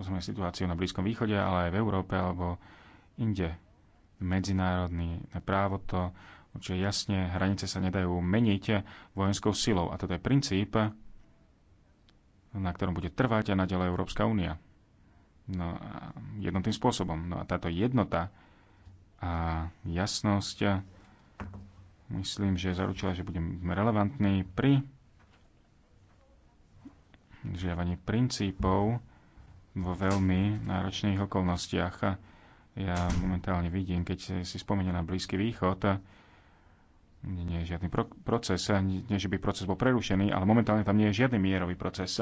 pozrieme situáciu na Blízkom východe, ale aj v Európe alebo inde. Medzinárodný právo to určite jasne, hranice sa nedajú meniť vojenskou silou. A toto je princíp, na ktorom bude trvať a naďalej Európska únia. No a jednotným spôsobom. No a táto jednota a jasnosť myslím, že zaručila, že budeme relevantní pri žiavaní princípov vo veľmi náročných okolnostiach. Ja momentálne vidím, keď si spomenie na Blízky východ, nie je žiadny pro- proces, nie že by proces bol prerušený, ale momentálne tam nie je žiadny mierový proces.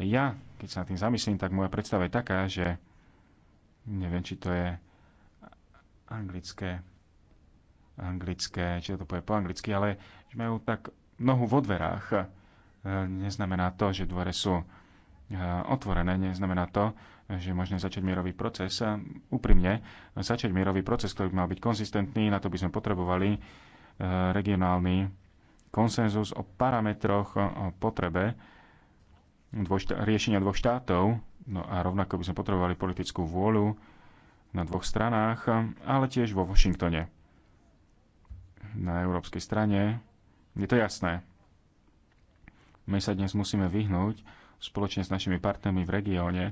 Ja, keď sa nad tým zamyslím, tak moja predstava je taká, že neviem, či to je anglické, anglické, či to povie po anglicky, ale že majú tak nohu vo dverách. E, neznamená to, že dvere sú otvorené, neznamená to, že možno začať mierový proces. Úprimne, začať mierový proces, ktorý by mal byť konzistentný, na to by sme potrebovali e, regionálny konsenzus o parametroch, o potrebe riešenia dvoch štátov. No a rovnako by sme potrebovali politickú vôľu na dvoch stranách, ale tiež vo Washingtone. Na európskej strane je to jasné. My sa dnes musíme vyhnúť spoločne s našimi partnermi v regióne,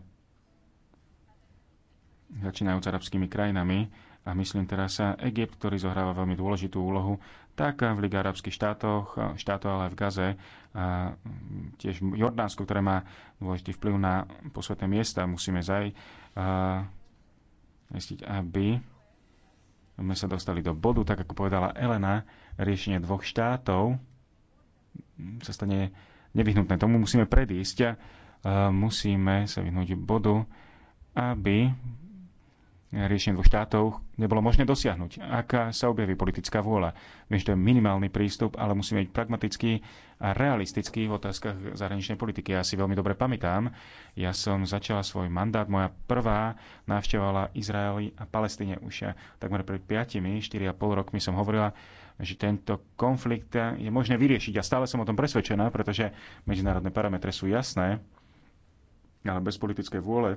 začínajúc arabskými krajinami, a myslím teraz sa Egypt, ktorý zohráva veľmi dôležitú úlohu, tak v Liga arabských štátoch, štátov, ale aj v Gaze, a tiež Jordánsko, ktoré má dôležitý vplyv na posvetné miesta, musíme zaj zistiť, aby sme sa dostali do bodu, tak ako povedala Elena, riešenie dvoch štátov sa stane nevyhnutné. Tomu musíme predísť a musíme sa vyhnúť bodu, aby riešenie dvoch štátov nebolo možné dosiahnuť, aká sa objaví politická vôľa. Viem, že to je minimálny prístup, ale musíme byť pragmatický a realistický v otázkach zahraničnej politiky. Ja si veľmi dobre pamätám, ja som začala svoj mandát, moja prvá návštevala Izraeli a Palestíne už takmer pred 5-4,5 rokmi som hovorila, že tento konflikt je možné vyriešiť. A stále som o tom presvedčená, pretože medzinárodné parametre sú jasné, ale bez politickej vôle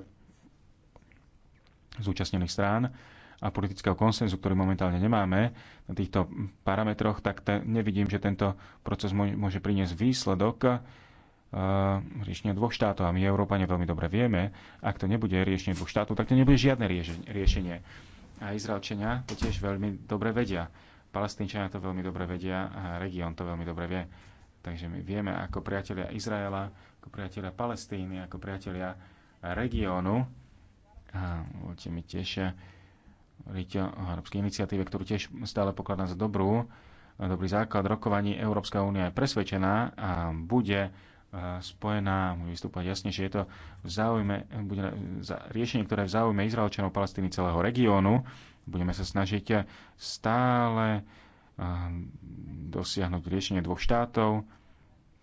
zúčastnených strán a politického konsenzu, ktorý momentálne nemáme na týchto parametroch, tak nevidím, že tento proces môže priniesť výsledok, eh, riešenie dvoch štátov a my Európane veľmi dobre vieme, ak to nebude riešenie dvoch štátov, tak to nebude žiadne riešenie. A Izraelčania to tiež veľmi dobre vedia. Palestínčania to veľmi dobre vedia a región to veľmi dobre vie. Takže my vieme ako priatelia Izraela, ako priatelia Palestíny, ako priatelia regiónu, a určite mi tiež eh, o iniciatíve, ktorú tiež stále pokladám za dobrú, dobrý základ rokovaní. Európska únia je presvedčená a bude spojená, môže vystúpať jasne, že je to v záujme, bude za riešenie, ktoré je v záujme Izraelčanov, Palestíny, celého regiónu. Budeme sa snažiť stále dosiahnuť riešenie dvoch štátov.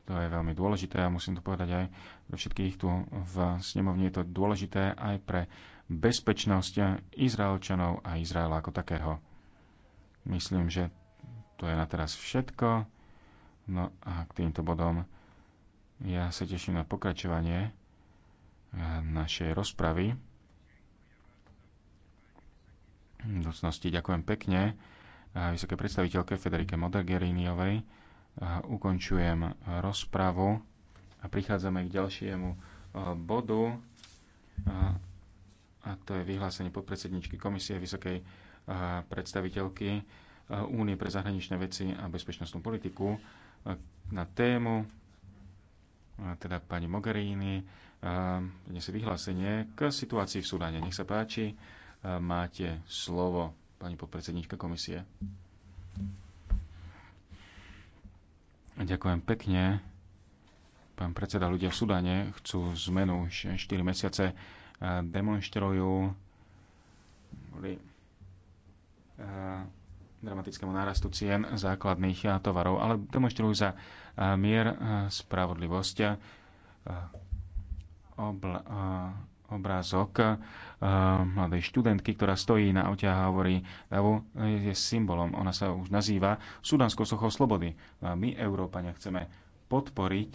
To je veľmi dôležité a musím to povedať aj pre všetkých tu v snemovni. Je to dôležité aj pre bezpečnosť Izraelčanov a Izraela ako takého. Myslím, že to je na teraz všetko. No a k týmto bodom ja sa teším na pokračovanie eh, našej rozpravy. V docnosti ďakujem pekne eh, vysoké predstaviteľke Federike Modergeriniovej. Eh, ukončujem rozpravu a prichádzame k ďalšiemu bodu a to je vyhlásenie podpredsedničky komisie vysokej predstaviteľky Únie pre zahraničné veci a bezpečnostnú politiku na tému teda pani Mogherini, dnes vyhlásenie k situácii v Sudáne. Nech sa páči, máte slovo, pani podpredsednička komisie. Ďakujem pekne. Pán predseda, ľudia v Sudáne chcú zmenu. Už 4 mesiace demonstrujú dramatickému nárastu cien základných eh, tovarov, ale demonstrujú za eh, mier, eh, spravodlivosť, obla, obrázok mladej študentky, ktorá stojí na ote a hovorí, Davu je symbolom, ona sa už nazýva Sudanskou sochou slobody. No a my, Európania, chceme podporiť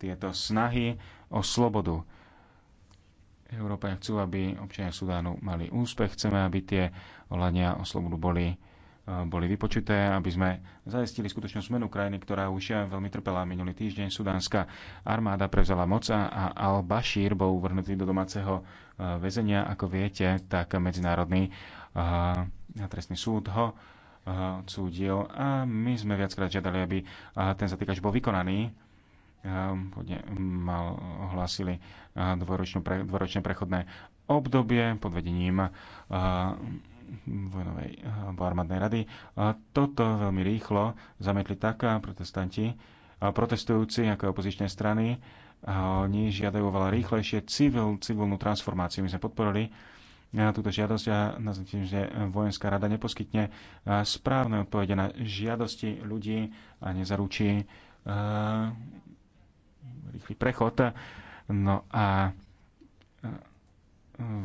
tieto snahy o slobodu. Európania chcú, aby občania Sudánu mali úspech, chceme, aby tie volania o slobodu boli boli vypočuté, aby sme zaistili skutočnú zmenu krajiny, ktorá už veľmi trpela minulý týždeň. Sudánska armáda prevzala moca a Al-Bashir bol uvrhnutý do domáceho e, väzenia. Ako viete, tak Medzinárodný e, trestný súd ho e, odsúdil a my sme viackrát žiadali, aby ten zatýkač bol vykonaný mal, ohlásili dvoročné prechodné obdobie pod vedením vojnovej alebo eh, armádnej rady. A toto veľmi rýchlo zametli tak eh, protestanti, a eh, protestujúci ako opozičné strany. A oni žiadajú oveľa rýchlejšie civil, civilnú transformáciu. My sme podporili túto žiadosť a naznačím, že vojenská rada neposkytne správne odpovede na žiadosti ľudí a nezaručí rýchly prechod. No a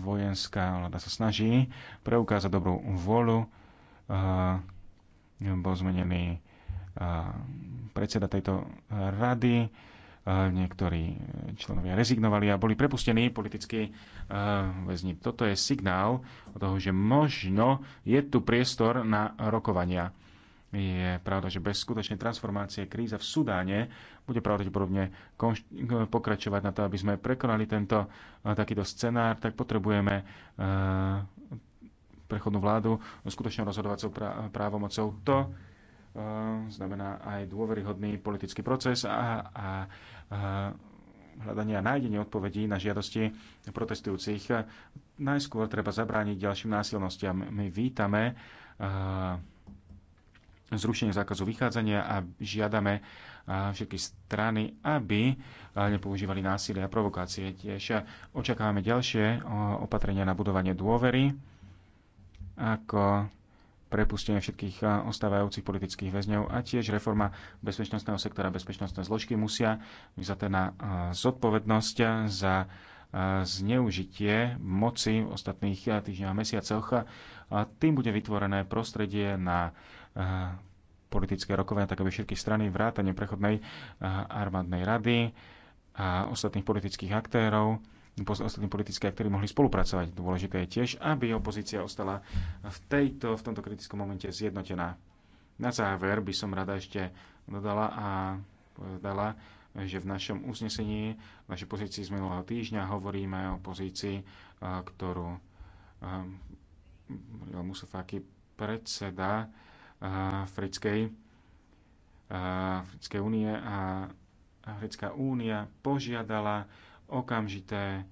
vojenská vláda sa snaží preukázať dobrú vôľu. Eh, bol zmenený eh, predseda tejto rady, eh, niektorí členovia rezignovali a boli prepustení politicky väzni. Toto je signál o toho, že možno je tu priestor na rokovania. Je pravda, že bez skutočnej transformácie kríza v Sudáne bude pravdepodobne pokračovať na to, aby sme prekonali tento eh, takýto scenár, tak potrebujeme eh, prechodnú vládu skutočnou rozhodovacou právomocou. To eh, znamená aj dôveryhodný politický proces a, a, a hľadanie a nájdenie odpovedí na žiadosti protestujúcich. Najskôr treba zabrániť ďalším násilnostiam. My vítame zrušenie zákazu vychádzania a žiadame všetky strany, aby nepoužívali násilie a provokácie. Tiež očakávame ďalšie opatrenia na budovanie dôvery, ako prepustenie všetkých ostávajúcich politických väzňov a tiež reforma bezpečnostného sektora. Bezpečnostné zložky musia vzaté na zodpovednosť za zneužitie moci v ostatných týždňoch a mesiacoch. Tým bude vytvorené prostredie na politické rokovania, tak aby všetky strany vrátane prechodnej armádnej rady a ostatných politických aktérov ostatní politické aktéry mohli spolupracovať. Dôležité je tiež, aby opozícia ostala v, tejto, v tomto kritickom momente zjednotená. Na záver by som rada ešte dodala a povedala, že v našom uznesení, v našej pozícii z minulého týždňa hovoríme o pozícii, ktorú Musafaki predseda Africkej, Africkej únie a Africká únia požiadala okamžité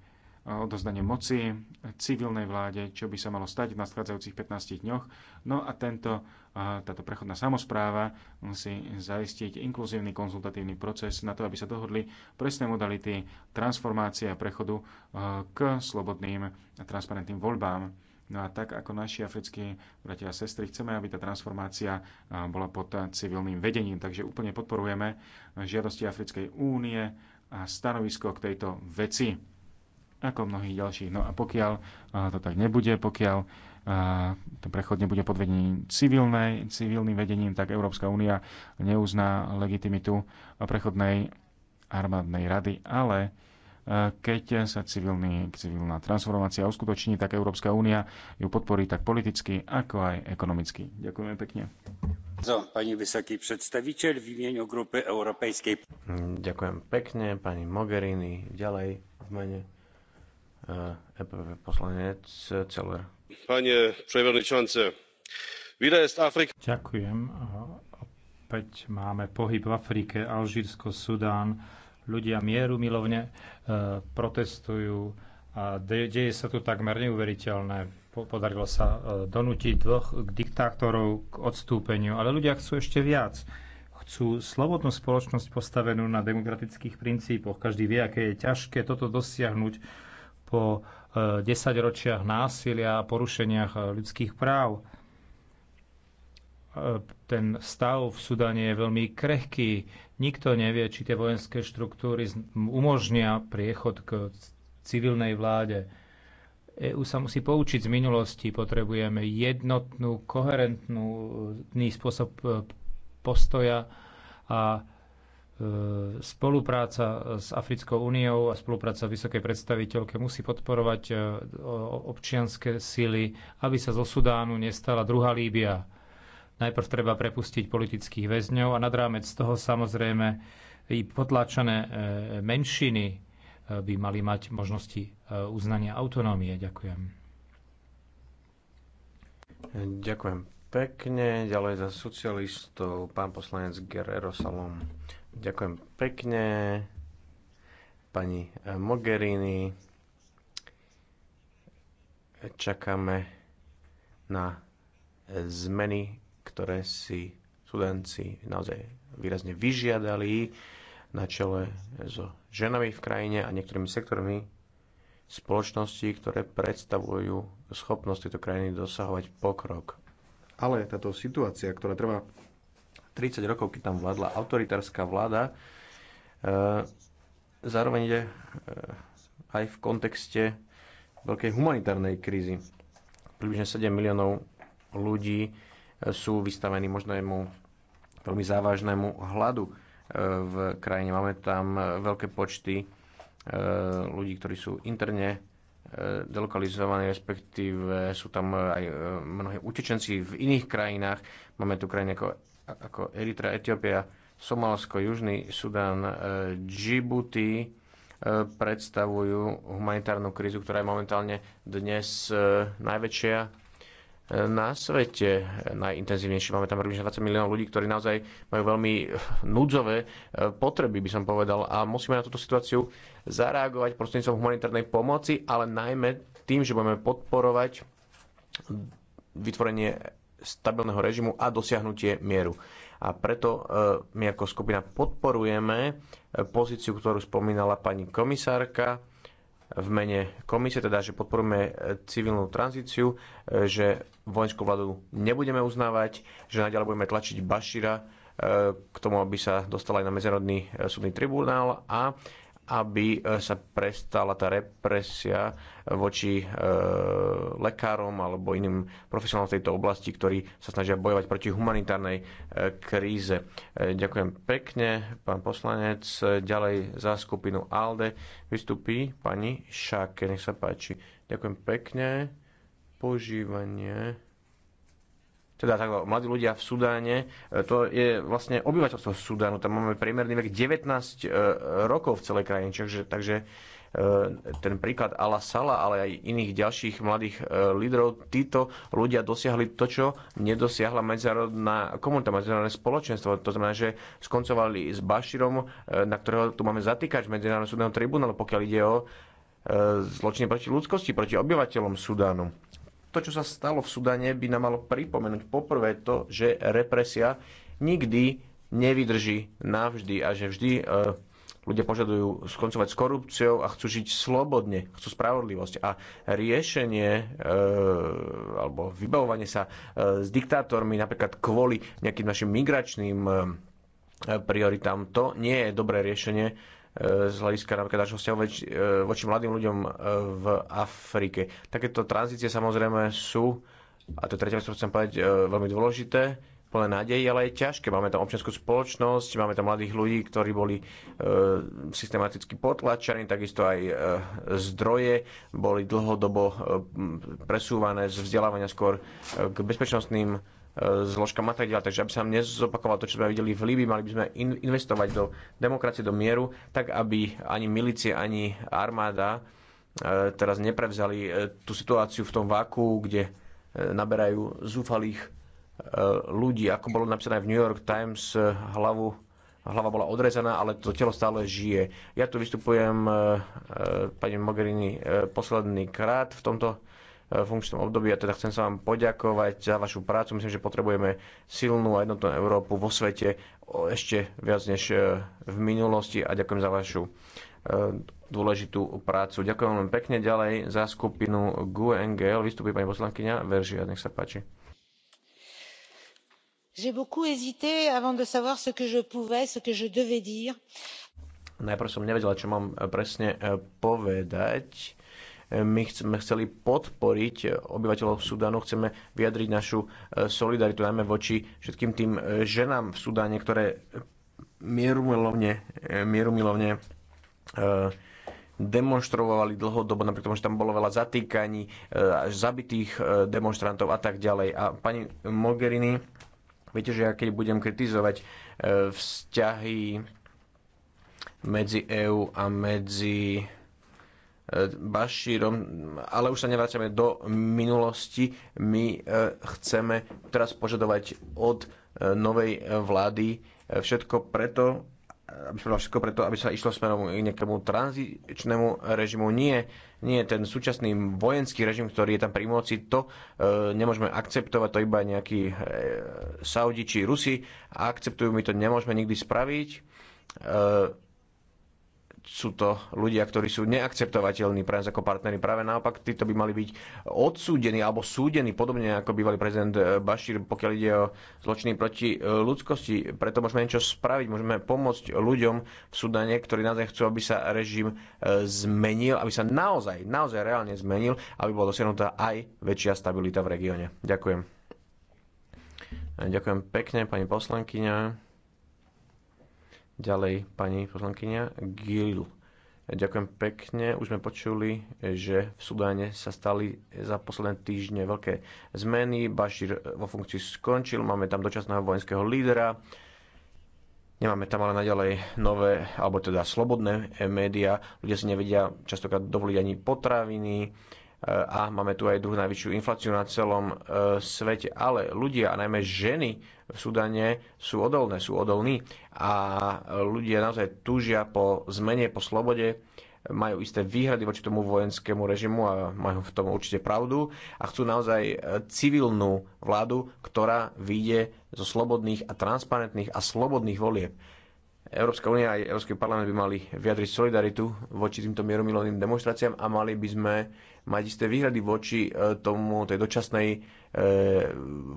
odozdanie moci civilnej vláde, čo by sa malo stať v nadchádzajúcich 15 dňoch. No a tento, táto prechodná samozpráva musí zaistiť inkluzívny konzultatívny proces na to, aby sa dohodli presné modality transformácie a prechodu k slobodným a transparentným voľbám No a tak ako naši africkí bratia a sestry chceme, aby tá transformácia bola pod civilným vedením. Takže úplne podporujeme žiadosti Africkej únie a stanovisko k tejto veci, ako mnohých ďalších. No a pokiaľ to tak nebude, pokiaľ ten prechod nebude pod vedením civilnej, civilným vedením, tak Európska únia neuzná legitimitu prechodnej armádnej rady, ale keď sa civilný, civilná transformácia uskutoční, tak Európska únia ju podporí tak politicky, ako aj ekonomicky. Ďakujeme pekne. Pani vysoký predstaviteľ v imieniu grupy Európejskej. Ďakujem pekne, pani Mogherini. Ďalej v mene EPP eh, e poslanec Celer. Pane Przewodniczący, Vida z Afriky. Ďakujem. Opäť máme pohyb v Afrike, Alžírsko, Sudán Ľudia mieru milovne e, protestujú a deje sa tu takmer neuveriteľné. Podarilo sa e, donútiť dvoch diktátorov k odstúpeniu, ale ľudia chcú ešte viac chcú slobodnú spoločnosť postavenú na demokratických princípoch. Každý vie, aké je ťažké toto dosiahnuť po e, desaťročiach násilia a porušeniach ľudských práv ten stav v Sudane je veľmi krehký. Nikto nevie, či tie vojenské štruktúry umožnia priechod k civilnej vláde. EU sa musí poučiť z minulosti. Potrebujeme jednotnú, koherentný e, spôsob e, postoja a e, spolupráca s Africkou úniou a spolupráca vysokej predstaviteľke musí podporovať občianské sily, aby sa zo Sudánu nestala druhá Líbia Najprv treba prepustiť politických väzňov a nad rámec toho samozrejme i potláčané e, menšiny e, by mali mať možnosti e, uznania autonómie. Ďakujem. Ďakujem pekne. Ďalej za socialistov pán poslanec Guerrero Salom. Ďakujem pekne. Pani Mogherini. Čakáme na zmeny ktoré si Sudanci naozaj výrazne vyžiadali na čele so ženami v krajine a niektorými sektormi spoločnosti, ktoré predstavujú schopnosť tejto krajiny dosahovať pokrok. Ale táto situácia, ktorá trvá 30 rokov, keď tam vládla autoritárska vláda, e, zároveň ide e, aj v kontexte veľkej humanitárnej krízy. Približne 7 miliónov ľudí sú vystavení možnému veľmi závažnému hladu e, v krajine. Máme tam e, veľké počty e, ľudí, ktorí sú interne delokalizovaní, respektíve sú tam aj mnohí utečenci v iných krajinách. Máme tu krajiny ako, ako Eritrea, Etiópia, Somálsko, Južný Sudán, Djibouti predstavujú humanitárnu krízu, ktorá je momentálne dnes najväčšia na svete. Najintenzívnejšie máme tam približne 20 miliónov ľudí, ktorí naozaj majú veľmi núdzové e, potreby, by som povedal. A musíme na túto situáciu zareagovať prostredníctvom humanitárnej pomoci, ale najmä tým, že budeme podporovať vytvorenie stabilného režimu a dosiahnutie mieru. A preto e, my ako skupina podporujeme e, pozíciu, ktorú spomínala pani komisárka, v mene komisie, teda že podporujeme e, civilnú tranzíciu, e, že vojenskú vládu nebudeme uznávať, že naďalej budeme tlačiť Bašira e, k tomu, aby sa dostal aj na Medzinárodný súdny tribunál a aby e, sa prestala tá represia e, voči e, lekárom alebo iným profesionálom v tejto oblasti, ktorí sa snažia bojovať proti humanitárnej e, kríze. E, ďakujem pekne, pán poslanec. E, ďalej za skupinu ALDE vystupí pani Šáke. Nech sa páči. Ďakujem pekne. Požívanie teda tak, mladí ľudia v Sudáne, e, to je vlastne obyvateľstvo Sudánu, tam máme priemerný vek 19 e, rokov v celej krajine, čiže, takže e, ten príklad Ala Sala, ale aj iných ďalších mladých lídrov, títo ľudia dosiahli to, čo nedosiahla medzinárodná komunita, medzinárodné spoločenstvo. To znamená, že skoncovali s Bašírom, na ktorého tu máme zatýkač Medzinárodného súdneho tribunálu, pokiaľ ide o zločiny proti ľudskosti, proti obyvateľom Sudánu to, čo sa stalo v Sudane, by nám malo pripomenúť poprvé to, že represia nikdy nevydrží navždy a že vždy e, ľudia požadujú skoncovať s korupciou a chcú žiť slobodne, chcú spravodlivosť. A riešenie e, alebo vybavovanie sa e, s diktátormi napríklad kvôli nejakým našim migračným e, prioritám, to nie je dobré riešenie z hľadiska napríklad našho vzťahu voči, e, voči mladým ľuďom e, v Afrike. Takéto tranzície samozrejme sú, a to tretia vec, chcem povedať, e, veľmi dôležité, plné nádej, ale je ťažké. Máme tam občianskú spoločnosť, máme tam mladých ľudí, ktorí boli e, systematicky potlačení, takisto aj e, zdroje boli dlhodobo e, presúvané z vzdelávania skôr k bezpečnostným zložkám a tak ďalej. Takže aby sa nám nezopakovalo to, čo sme videli v Líbii, mali by sme investovať do demokracie, do mieru, tak aby ani milície, ani armáda e, teraz neprevzali e, tú situáciu v tom váku, kde e, naberajú zúfalých ľudí. Ako bolo napísané v New York Times, hlavu hlava bola odrezaná, ale to telo stále žije. Ja tu vystupujem, pani Mogherini, posledný krát v tomto Eh, funkčnom období. A teda chcem sa vám poďakovať za vašu prácu. Myslím, že potrebujeme silnú a jednotnú Európu vo svete ešte viac než eh, v minulosti a ďakujem za vašu eh, dôležitú prácu. Ďakujem veľmi pekne. Ďalej za skupinu GUNGL vystupí pani poslankyňa Veržia. Nech sa páči. J'ai beaucoup hésité avant de savoir ce que je pouvais, ce que je devais dire. Najprv som nevedela, čo mám presne povedať my sme chceli podporiť obyvateľov Sudánu, chceme vyjadriť našu e, solidaritu najmä voči všetkým tým e, ženám v Sudáne, ktoré mierumilovne, e, mierumilovne demonstrovali dlhodobo, napriek tomu, že tam bolo veľa zatýkaní, až zabitých demonstrantov a tak ďalej. A pani Mogherini, viete, že ja keď budem kritizovať vzťahy medzi EÚ a medzi Bašírom, ale už sa nevrácame do minulosti. My e, chceme teraz požadovať od e, novej vlády e, všetko preto, aby sa všetko preto, aby sa išlo smerom k nejakému tranzičnému režimu. Nie, nie ten súčasný vojenský režim, ktorý je tam pri moci, to e, nemôžeme akceptovať, to iba nejakí e, Saudi či Rusi akceptujú, my to nemôžeme nikdy spraviť. E, sú to ľudia, ktorí sú neakceptovateľní pre nás ako partnery. Práve naopak, títo by mali byť odsúdení alebo súdení, podobne ako bývalý prezident eh, Bashir, pokiaľ ide o zločiny proti eh, ľudskosti. Preto môžeme niečo spraviť, môžeme pomôcť ľuďom v Sudane, ktorí naozaj chcú, aby sa režim eh, zmenil, aby sa naozaj, naozaj reálne zmenil, aby bola dosiahnutá aj väčšia stabilita v regióne. Ďakujem. Ďakujem pekne, pani poslankyňa. Ďalej pani poslankyňa Gilu. Ďakujem pekne. Už sme počuli, že v Sudáne sa stali za posledné týždne veľké zmeny. Bašír vo funkcii skončil, máme tam dočasného vojenského lídera Nemáme tam ale naďalej nové, alebo teda slobodné médiá. Ľudia si nevedia častokrát dovoliť ani potraviny a máme tu aj druhú najväčšiu infláciu na celom e, svete. Ale ľudia, a najmä ženy v Sudane, sú odolné, sú odolní a ľudia naozaj túžia po zmene, po slobode, majú isté výhrady voči tomu vojenskému režimu a majú v tom určite pravdu a chcú naozaj e, civilnú vládu, ktorá vyjde zo slobodných a transparentných a slobodných volieb. Európska únia aj Európsky parlament by mali vyjadriť solidaritu voči týmto mieromilovným demonstráciám a mali by sme mať isté výhrady voči e, tomu, tej dočasnej e,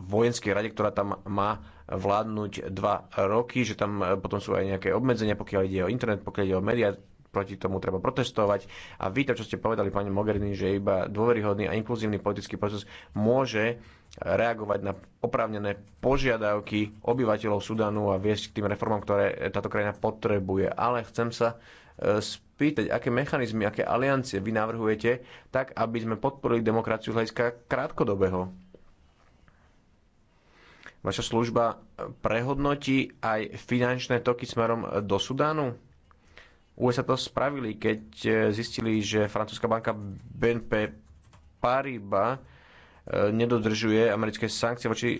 vojenskej rade, ktorá tam má vládnuť dva roky, že tam e, potom sú aj nejaké obmedzenia, pokiaľ ide o internet, pokiaľ ide o médiá, proti tomu treba protestovať. A vy to, čo ste povedali, pani Mogherini, že iba dôveryhodný a inkluzívny politický proces môže reagovať na oprávnené požiadavky obyvateľov Sudánu a viesť k tým reformám, ktoré táto krajina potrebuje. Ale chcem sa e, spýtať, aké mechanizmy, aké aliancie vy navrhujete, tak aby sme podporili demokraciu z hľadiska krátkodobého. Vaša služba prehodnotí aj finančné toky smerom do Sudánu? USA to spravili, keď e, zistili, že francúzska banka BNP Paribas e, nedodržuje americké sankcie voči e,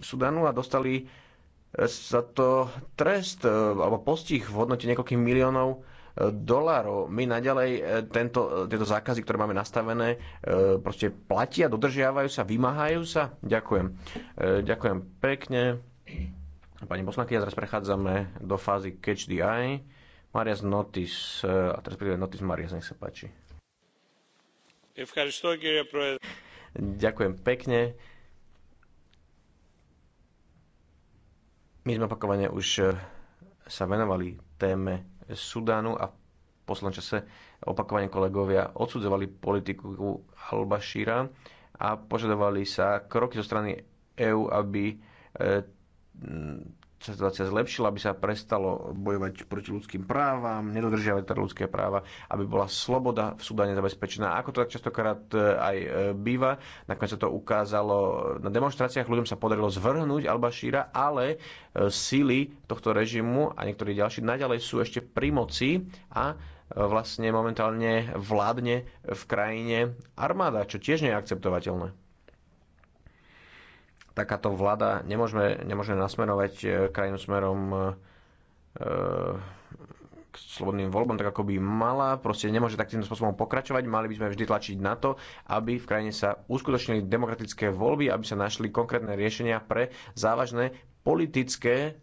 Sudanu a dostali za to trest alebo postih v hodnote niekoľkých miliónov dolárov. My naďalej tento, tieto zákazy, ktoré máme nastavené, proste platia, dodržiavajú sa, vymáhajú sa. Ďakujem. Ďakujem pekne. Pani poslanky, ja teraz prechádzame do fázy Catch the Eye. Marias Notis, eh, a teraz príde Notis Marias, nech sa páči. Ďakujem pekne. My sme opakovane už eh, sa venovali téme Sudánu a v poslednom čase opakovane kolegovia odsudzovali politiku Al-Bashira a požadovali sa kroky zo strany EÚ, aby eh, situácia zlepšila, aby sa prestalo bojovať proti ľudským právam, nedodržiavať teda ľudské práva, aby bola sloboda v Sudáne zabezpečená. Ako to tak častokrát e, aj e, býva, nakoniec sa to ukázalo na demonstráciách, ľuďom sa podarilo zvrhnúť al Šíra, ale e, síly tohto režimu a niektorí ďalší naďalej sú ešte pri moci a vlastne momentálne vládne v krajine armáda, čo tiež nie je akceptovateľné takáto vláda, nemôžeme, nemôžeme nasmerovať e, krajinu smerom e, e, k slobodným voľbom, tak ako by mala, proste nemôže tak týmto spôsobom pokračovať. Mali by sme vždy tlačiť na to, aby v krajine sa uskutočnili demokratické voľby, aby sa našli konkrétne riešenia pre závažné politické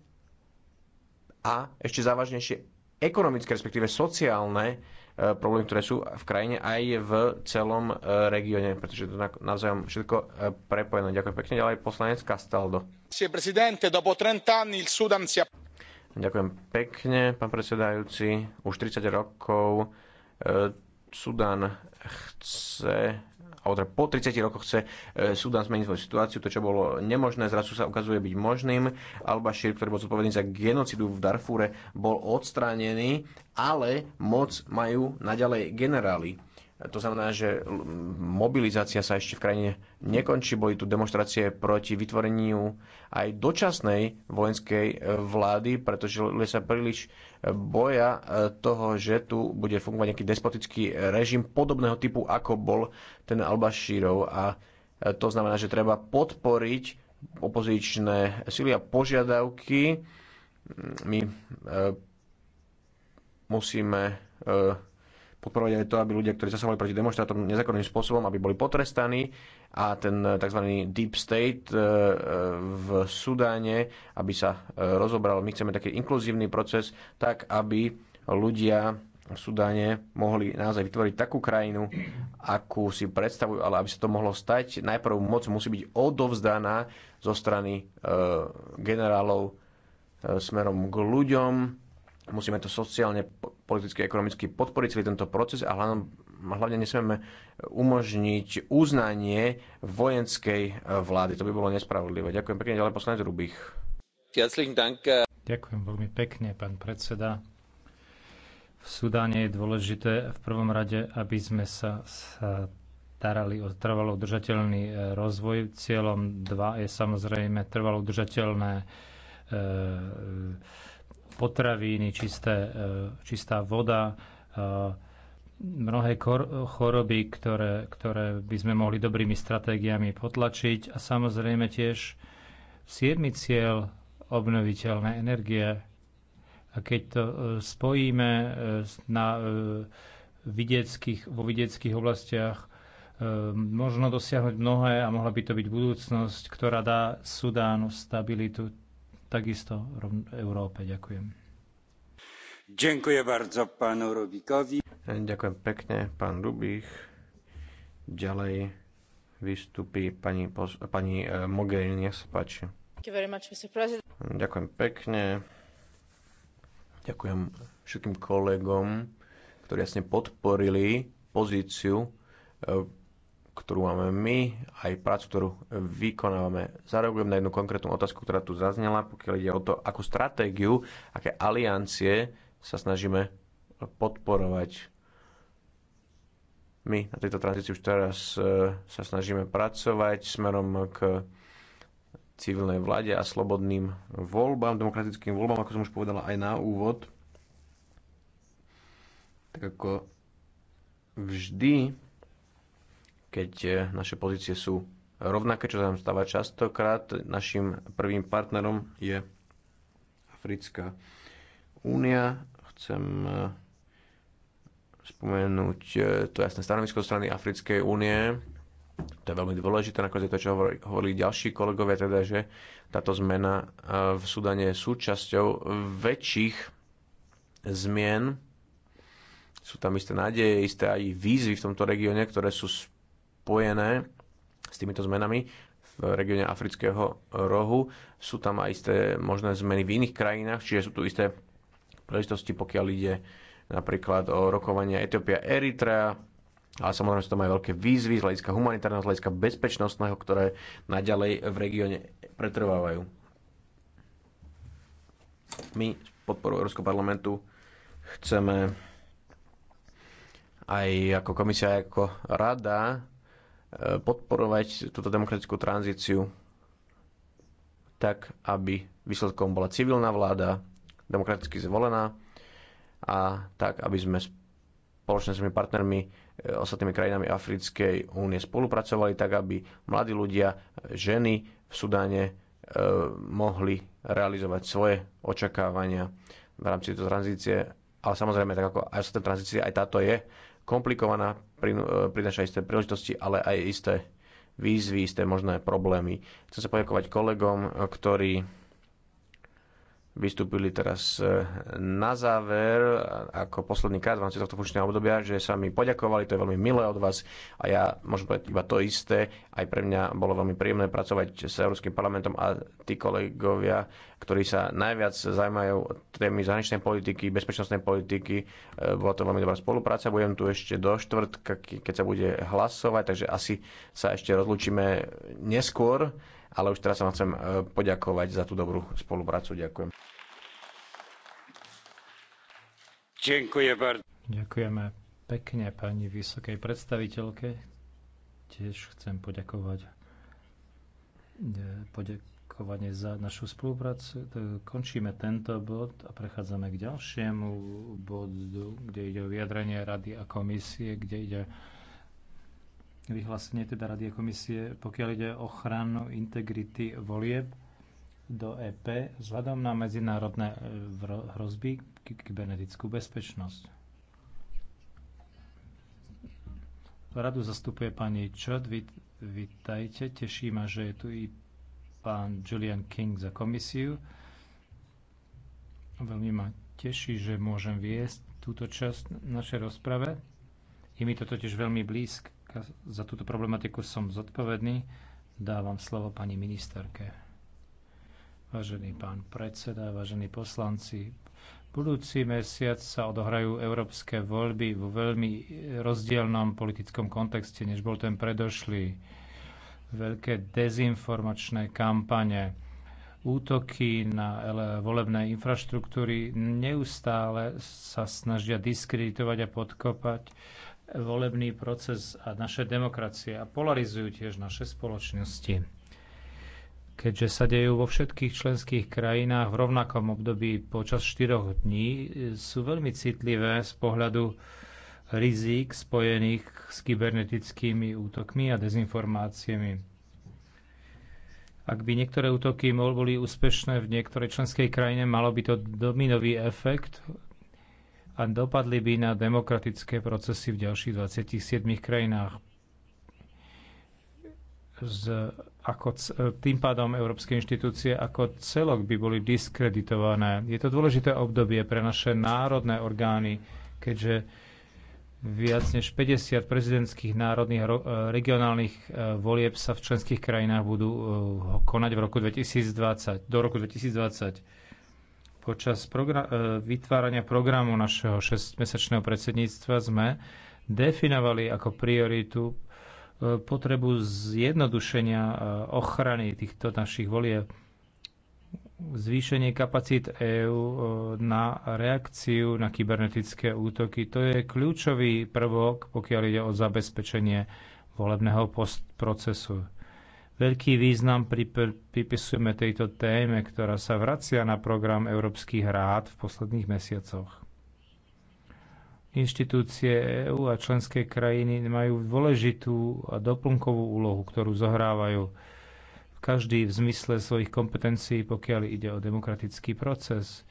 a ešte závažnejšie ekonomické, respektíve sociálne Eh, problémy, ktoré sú v krajine aj v celom eh, regióne, pretože to navzájom všetko eh, prepojené. Ďakujem pekne. Ďalej poslanec Castaldo. Ďakujem pekne, pán predsedajúci. Už 30 rokov Sudan chce alebo teda po 30 rokoch chce e, Sudan zmeniť svoju situáciu, to čo bolo nemožné, zrazu sa ukazuje byť možným. Al-Bashir, ktorý bol zodpovedný za genocidu v Darfúre, bol odstránený, ale moc majú naďalej generáli to znamená, že mobilizácia sa ešte v krajine nekončí. Boli tu demonstrácie proti vytvoreniu aj dočasnej vojenskej e, vlády, pretože sa príliš e, boja e, toho, že tu bude fungovať nejaký despotický režim podobného typu, ako bol ten Albašírov. A to znamená, že treba podporiť opozičné sily a požiadavky. My musíme Poprvé je to, aby ľudia, ktorí zasahovali proti demonstrátom nezákonným spôsobom, aby boli potrestaní a ten tzv. deep state e, e, v Sudáne, aby sa e, rozobral. My chceme taký inkluzívny proces, tak aby ľudia v Sudáne mohli naozaj vytvoriť takú krajinu, akú si predstavujú, ale aby sa to mohlo stať, najprv moc musí byť odovzdaná zo strany generálov smerom k ľuďom, Musíme to sociálne, politicky, ekonomicky podporiť celý tento proces a hlavne, hlavne nesmieme umožniť uznanie vojenskej e, vlády. To by bolo nespravodlivé. Ďakujem pekne. Ďalej poslanec Rubich. Äh. Ďakujem veľmi pekne, pán predseda. V Sudáne je dôležité v prvom rade, aby sme sa, starali o trvalo udržateľný e, rozvoj. Cieľom 2 je samozrejme trvalo udržateľné e, potraviny, čisté, e, čistá voda, e, mnohé choroby, ktoré, ktoré by sme mohli dobrými stratégiami potlačiť a samozrejme tiež 7. cieľ obnoviteľné energie. A keď to e, spojíme na vidieckých, vo vidieckých oblastiach, možno dosiahnuť mnohé a mohla by to byť budúcnosť, ktorá dá Sudánu stabilitu takisto Európe. Ďakujem. Ďakujem bardzo pánu Rubikovi. Ďakujem pekne, pán Rubich. Ďalej vystupí pani, pani e, Mogherini, nech sa páči. Ďakujem pekne. Ďakujem všetkým kolegom, ktorí jasne podporili pozíciu e, ktorú máme my, aj prácu, ktorú vykonávame. Zareagujem na jednu konkrétnu otázku, ktorá tu zaznela, pokiaľ ide o to, akú stratégiu, aké aliancie sa snažíme podporovať. My na tejto tranzícii už teraz e, sa snažíme pracovať smerom k civilnej vláde a slobodným voľbám, demokratickým voľbám, ako som už povedala aj na úvod. Tak ako vždy keď e, naše pozície sú rovnaké, čo sa nám stáva častokrát. Našim prvým partnerom je Africká únia. Chcem e, spomenúť e, to jasné stanovisko strany Africkej únie. To je veľmi dôležité, nakoniec je to, čo hovorili ďalší kolegovia, teda, že táto zmena v Sudane je súčasťou väčších zmien. Sú tam isté nádeje, isté aj výzvy v tomto regióne, ktoré sú spojené s týmito zmenami v regióne Afrického rohu. Sú tam aj isté možné zmeny v iných krajinách, čiže sú tu isté príležitosti, pokiaľ ide napríklad o rokovania Etiópia, Eritrea, ale samozrejme sú tam aj veľké výzvy z hľadiska humanitárneho, z hľadiska bezpečnostného, ktoré naďalej v regióne pretrvávajú. My s podporou Európskeho parlamentu chceme aj ako komisia, aj ako rada podporovať túto demokratickú tranzíciu tak, aby výsledkom bola civilná vláda, demokraticky zvolená a tak, aby sme spoločne s partnermi, e, ostatnými krajinami Africkej únie spolupracovali tak, aby mladí ľudia, ženy v Sudáne e, mohli realizovať svoje očakávania v rámci tejto tranzície. Ale samozrejme, tak ako aj ostatné tranzície, aj táto je komplikovaná, E, prináša isté príležitosti, ale aj isté výzvy, isté možné problémy. Chcem sa poďakovať kolegom, e, ktorí vystúpili teraz e, na záver ako posledný krát v rámci tohto funkčného obdobia, že sa mi poďakovali, to je veľmi milé od vás a ja môžem povedať iba to isté. Aj pre mňa bolo veľmi príjemné pracovať s Európskym parlamentom a tí kolegovia, ktorí sa najviac zaujímajú témy zahraničnej politiky, bezpečnostnej politiky, e, bola to veľmi dobrá spolupráca. Budem tu ešte do štvrtka, keď sa bude hlasovať, takže asi sa ešte rozlúčime neskôr ale už teraz sa vám chcem e, poďakovať za tú dobrú spoluprácu. Ďakujem. Ďakujeme pekne pani vysokej predstaviteľke. Tiež chcem poďakovať e, poďakovanie za našu spoluprácu. E, končíme tento bod a prechádzame k ďalšiemu bodu, kde ide o vyjadrenie rady a komisie, kde ide vyhlásenie teda Rady a komisie, pokiaľ ide o ochranu integrity volieb do EP vzhľadom na medzinárodné e, hrozby kybernetickú bezpečnosť. Radu zastupuje pani Čot, vít, vítajte, teší ma, že je tu i pán Julian King za komisiu. Veľmi ma teší, že môžem viesť túto časť našej rozprave. Je mi to totiž veľmi blízke za túto problematiku som zodpovedný. Dávam slovo pani ministerke. Vážený pán predseda, vážení poslanci, budúci mesiac sa odohrajú európske voľby vo veľmi rozdielnom politickom kontexte, než bol ten predošlý. Veľké dezinformačné kampane, útoky na volebné infraštruktúry neustále sa snažia diskreditovať a podkopať volebný proces a naše demokracie a polarizujú tiež naše spoločnosti. Keďže sa dejú vo všetkých členských krajinách v rovnakom období počas 4 dní, sú veľmi citlivé z pohľadu rizík spojených s kybernetickými útokmi a dezinformáciami. Ak by niektoré útoky boli úspešné v niektorej členskej krajine, malo by to dominový efekt a dopadli by na demokratické procesy v ďalších 27 krajinách. Z, ako, tým pádom európske inštitúcie ako celok by boli diskreditované. Je to dôležité obdobie pre naše národné orgány, keďže viac než 50 prezidentských národných a regionálnych e, volieb sa v členských krajinách budú e, konať v roku 2020, do roku 2020 Počas progra- e, vytvárania programu našeho 6-mesačného predsedníctva sme definovali ako prioritu e, potrebu zjednodušenia e, ochrany týchto našich volieb zvýšenie kapacít EÚ na reakciu na kybernetické útoky. To je kľúčový prvok, pokiaľ ide o zabezpečenie volebného procesu. Veľký význam pripisujeme tejto téme, ktorá sa vracia na program Európskych rád v posledných mesiacoch. Inštitúcie EÚ a členské krajiny majú dôležitú a doplnkovú úlohu, ktorú zohrávajú každý v zmysle svojich kompetencií, pokiaľ ide o demokratický proces.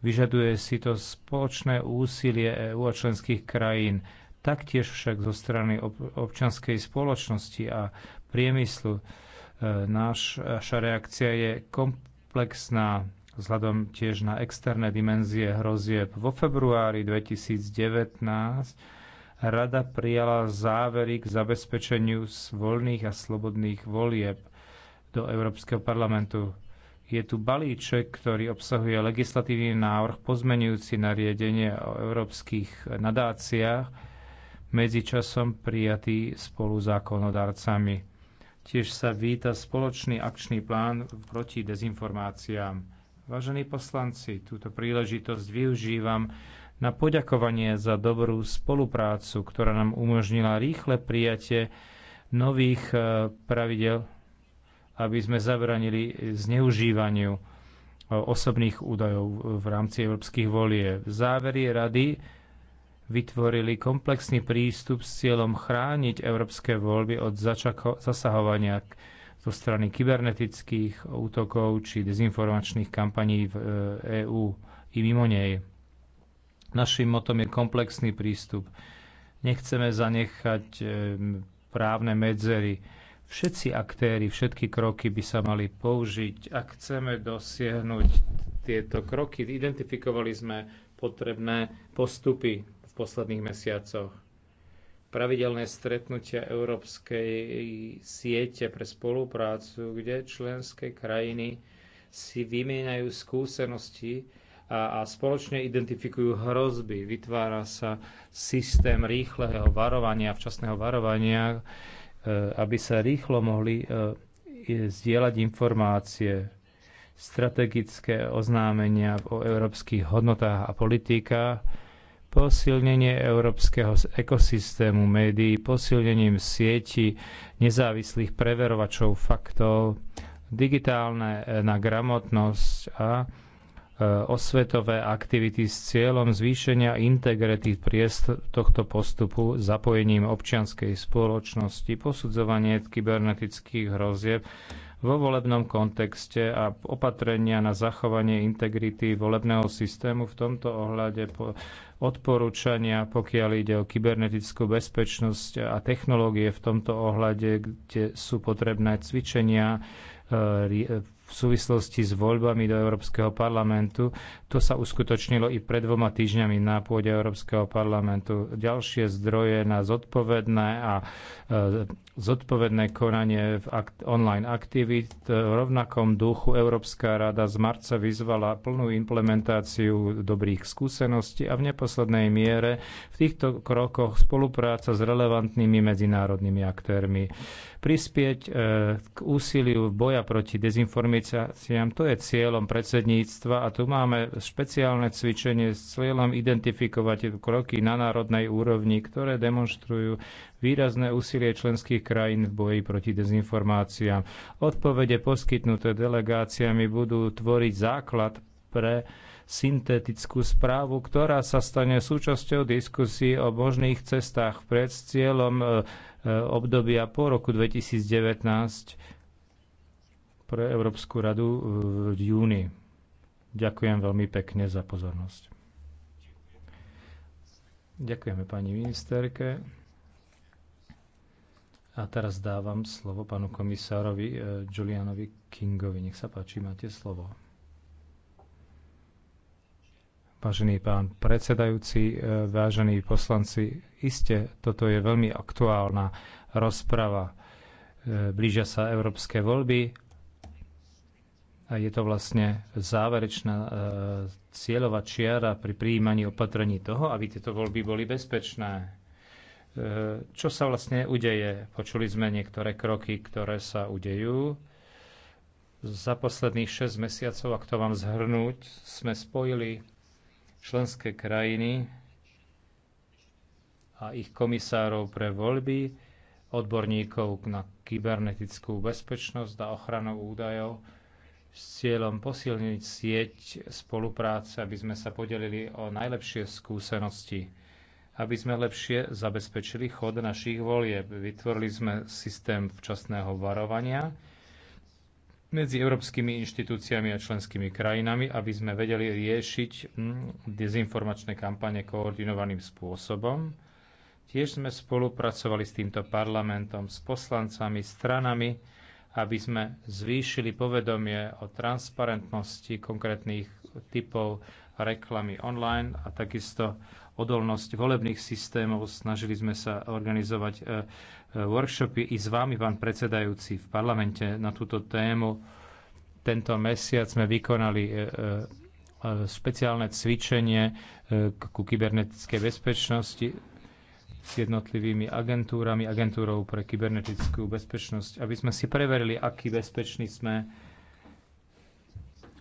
Vyžaduje si to spoločné úsilie EÚ a členských krajín, taktiež však zo strany občianskej spoločnosti a priemyslu. E, naša reakcia je komplexná vzhľadom tiež na externé dimenzie hrozieb. Vo februári 2019 Rada prijala závery k zabezpečeniu voľných a slobodných volieb do Európskeho parlamentu. Je tu balíček, ktorý obsahuje legislatívny návrh pozmenujúci nariadenie o európskych nadáciách, medzičasom prijatý spolu zákonodarcami. Tiež sa víta spoločný akčný plán proti dezinformáciám. Vážení poslanci, túto príležitosť využívam na poďakovanie za dobrú spoluprácu, ktorá nám umožnila rýchle prijatie nových e, pravidel, aby sme zabranili zneužívaniu e, osobných údajov v rámci európskych volie. Závery rady vytvorili komplexný prístup s cieľom chrániť európske voľby od zasahovania zo strany kybernetických útokov či dezinformačných kampaní v EÚ e i mimo nej. Našim motom je komplexný prístup. Nechceme zanechať e, právne medzery. Všetci aktéry, všetky kroky by sa mali použiť, ak chceme dosiahnuť tieto kroky. Identifikovali sme potrebné postupy posledných mesiacoch. Pravidelné stretnutia Európskej siete pre spoluprácu, kde členské krajiny si vymieňajú skúsenosti a, a spoločne identifikujú hrozby. Vytvára sa systém rýchleho varovania, včasného varovania, e, aby sa rýchlo mohli e, zdieľať informácie, strategické oznámenia o európskych hodnotách a politikách posilnenie európskeho ekosystému médií, posilnením sieti nezávislých preverovačov faktov, digitálne e, na gramotnosť a e, osvetové aktivity s cieľom zvýšenia integrity tohto postupu zapojením občianskej spoločnosti, posudzovanie kybernetických hrozieb vo volebnom kontexte a opatrenia na zachovanie integrity volebného systému v tomto ohľade po odporúčania, pokiaľ ide o kybernetickú bezpečnosť a technológie v tomto ohľade, kde sú potrebné cvičenia e, e, v súvislosti s voľbami do Európskeho parlamentu. To sa uskutočnilo i pred dvoma týždňami na pôde Európskeho parlamentu. Ďalšie zdroje na zodpovedné a e, zodpovedné konanie v akt- online aktivít. V rovnakom duchu Európska rada z marca vyzvala plnú implementáciu dobrých skúseností a v neposlednej miere v týchto krokoch spolupráca s relevantnými medzinárodnými aktérmi. Prispieť e, k úsiliu boja proti dezinformáciám, to je cieľom predsedníctva a tu máme špeciálne cvičenie s cieľom identifikovať kroky na národnej úrovni, ktoré demonstrujú výrazné úsilie členských krajín v boji proti dezinformáciám. Odpovede poskytnuté delegáciami budú tvoriť základ pre syntetickú správu, ktorá sa stane súčasťou diskusí o možných cestách pred cieľom e, e, obdobia po roku 2019 pre Európsku radu v júni. Ďakujem veľmi pekne za pozornosť. Ďakujeme pani ministerke. A teraz dávam slovo pánu komisárovi Julianovi eh, Kingovi. Nech sa páči, máte slovo. Vážený pán predsedajúci, eh, vážení poslanci, iste toto je veľmi aktuálna rozprava. Eh, blížia sa európske voľby a je to vlastne záverečná cieľová čiara pri príjmaní opatrení toho, aby tieto voľby boli bezpečné. E, čo sa vlastne udeje? Počuli sme niektoré kroky, ktoré sa udejú. Za posledných 6 mesiacov, ak to vám zhrnúť, sme spojili členské krajiny a ich komisárov pre voľby, odborníkov na kybernetickú bezpečnosť a ochranu údajov s cieľom posilniť sieť spolupráce, aby sme sa podelili o najlepšie skúsenosti aby sme lepšie zabezpečili chod našich volieb. Vytvorili sme systém včasného varovania medzi európskymi inštitúciami a členskými krajinami, aby sme vedeli riešiť hm, dezinformačné kampane koordinovaným spôsobom. Tiež sme spolupracovali s týmto parlamentom, s poslancami, stranami, aby sme zvýšili povedomie o transparentnosti konkrétnych typov reklamy online a takisto odolnosť volebných systémov. Snažili sme sa organizovať e, e, workshopy i s vami, pán predsedajúci, v parlamente na túto tému. Tento mesiac sme vykonali e, špeciálne cvičenie ku kybernetickej bezpečnosti s jednotlivými agentúrami, agentúrou pre kybernetickú bezpečnosť, aby sme si preverili, aký bezpečný sme.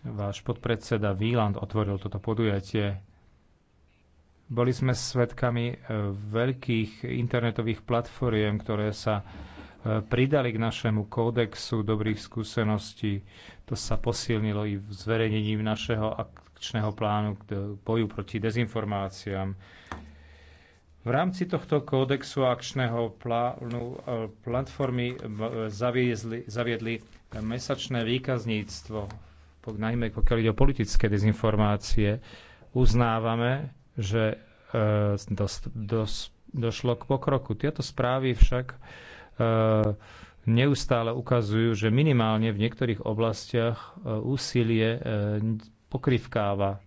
Váš podpredseda Výland otvoril toto podujatie boli sme svedkami eh, veľkých internetových platformiem, ktoré sa eh, pridali k našemu kódexu dobrých skúseností. To sa posilnilo i zverejnením našeho akčného plánu k boju proti dezinformáciám. V rámci tohto kódexu akčného plánu eh, platformy zaviedli, zaviedli mesačné výkazníctvo, najmä pokiaľ ide o politické dezinformácie. Uznávame, že dos, e, dos, došlo k pokroku. Tieto správy však e, neustále ukazujú, že minimálne v niektorých oblastiach e, úsilie pokrivkáva.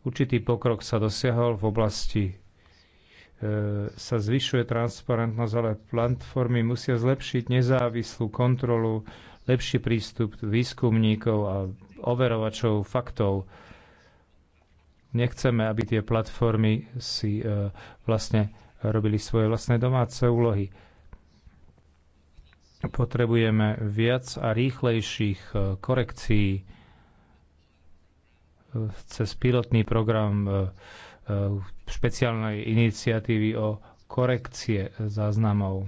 Určitý pokrok sa dosiahol v oblasti sa zvyšuje transparentnosť, ale platformy musia zlepšiť nezávislú kontrolu, lepší prístup výskumníkov a overovačov faktov Nechceme, aby tie platformy si e, vlastne robili svoje vlastné domáce úlohy. Potrebujeme viac a rýchlejších e, korekcií e, cez pilotný program špeciálnej iniciatívy o korekcie záznamov.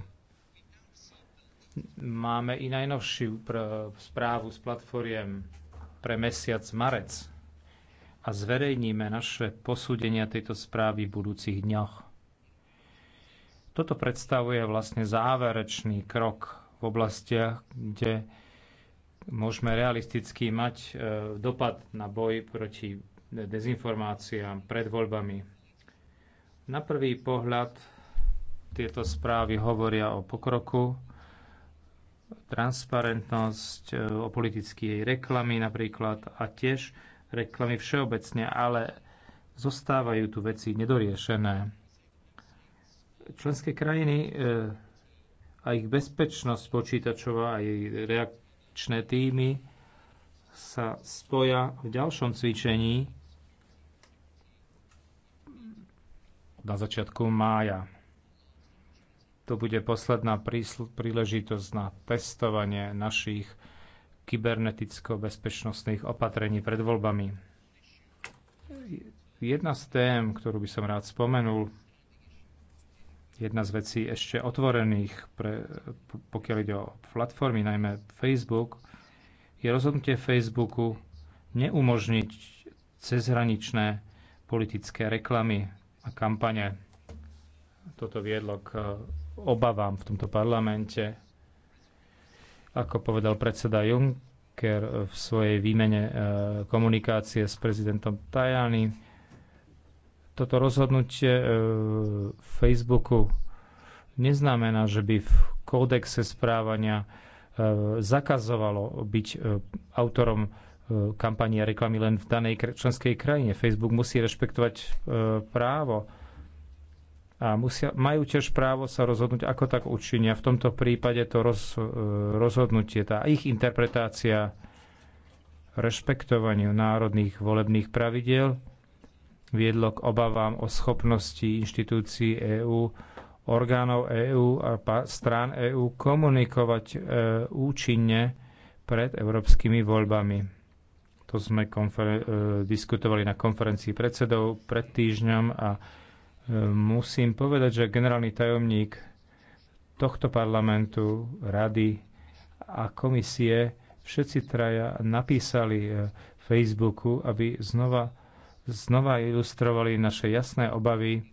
Máme i najnovšiu správu z platformiem pre mesiac marec a zverejníme naše posúdenia tejto správy v budúcich dňoch. Toto predstavuje vlastne záverečný krok v oblastiach, kde môžeme realisticky mať e, dopad na boj proti dezinformáciám pred voľbami. Na prvý pohľad tieto správy hovoria o pokroku, transparentnosť, e, o politickej reklamy napríklad a tiež reklamy všeobecne, ale zostávajú tu veci nedoriešené. Členské krajiny eh, a ich bezpečnosť počítačová a jej reakčné týmy sa spoja v ďalšom cvičení na začiatku mája. To bude posledná príležitosť na testovanie našich kyberneticko-bezpečnostných opatrení pred voľbami. Jedna z tém, ktorú by som rád spomenul, jedna z vecí ešte otvorených, pre, pokiaľ ide o platformy, najmä Facebook, je rozhodnutie Facebooku neumožniť cezhraničné politické reklamy a kampane. Toto viedlo k eh, obavám v tomto parlamente ako povedal predseda Juncker v svojej výmene e, komunikácie s prezidentom Tajani, toto rozhodnutie e, Facebooku neznamená, že by v kódexe správania e, zakazovalo byť autorom kampanie a reklamy len v danej členskej krajine. Facebook musí rešpektovať právo a musia, majú tiež právo sa rozhodnúť, ako tak učinia. V tomto prípade to roz, e, rozhodnutie, tá ich interpretácia rešpektovaniu národných volebných pravidiel viedlo k obavám o schopnosti inštitúcií EÚ, orgánov EÚ a strán EÚ komunikovať e, účinne pred európskymi voľbami. To sme konfer- e, diskutovali na konferencii predsedov pred týždňom a musím povedať, že generálny tajomník tohto parlamentu, rady a komisie všetci traja napísali eh, Facebooku, aby znova, znova ilustrovali naše jasné obavy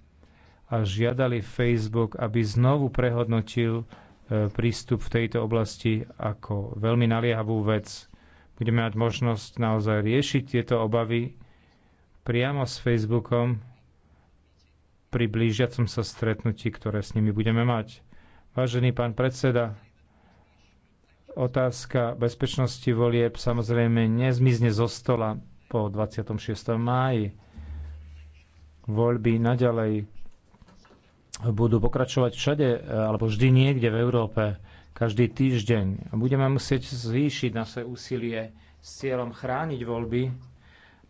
a žiadali Facebook, aby znovu prehodnotil eh, prístup v tejto oblasti ako veľmi naliehavú vec. Budeme mať možnosť naozaj riešiť tieto obavy priamo s Facebookom pri blížiacom sa stretnutí, ktoré s nimi budeme mať. Vážený pán predseda, otázka bezpečnosti volieb samozrejme nezmizne zo stola po 26. máji. Voľby naďalej budú pokračovať všade, eh, alebo vždy niekde v Európe, každý týždeň. Budeme musieť zvýšiť naše úsilie s cieľom chrániť voľby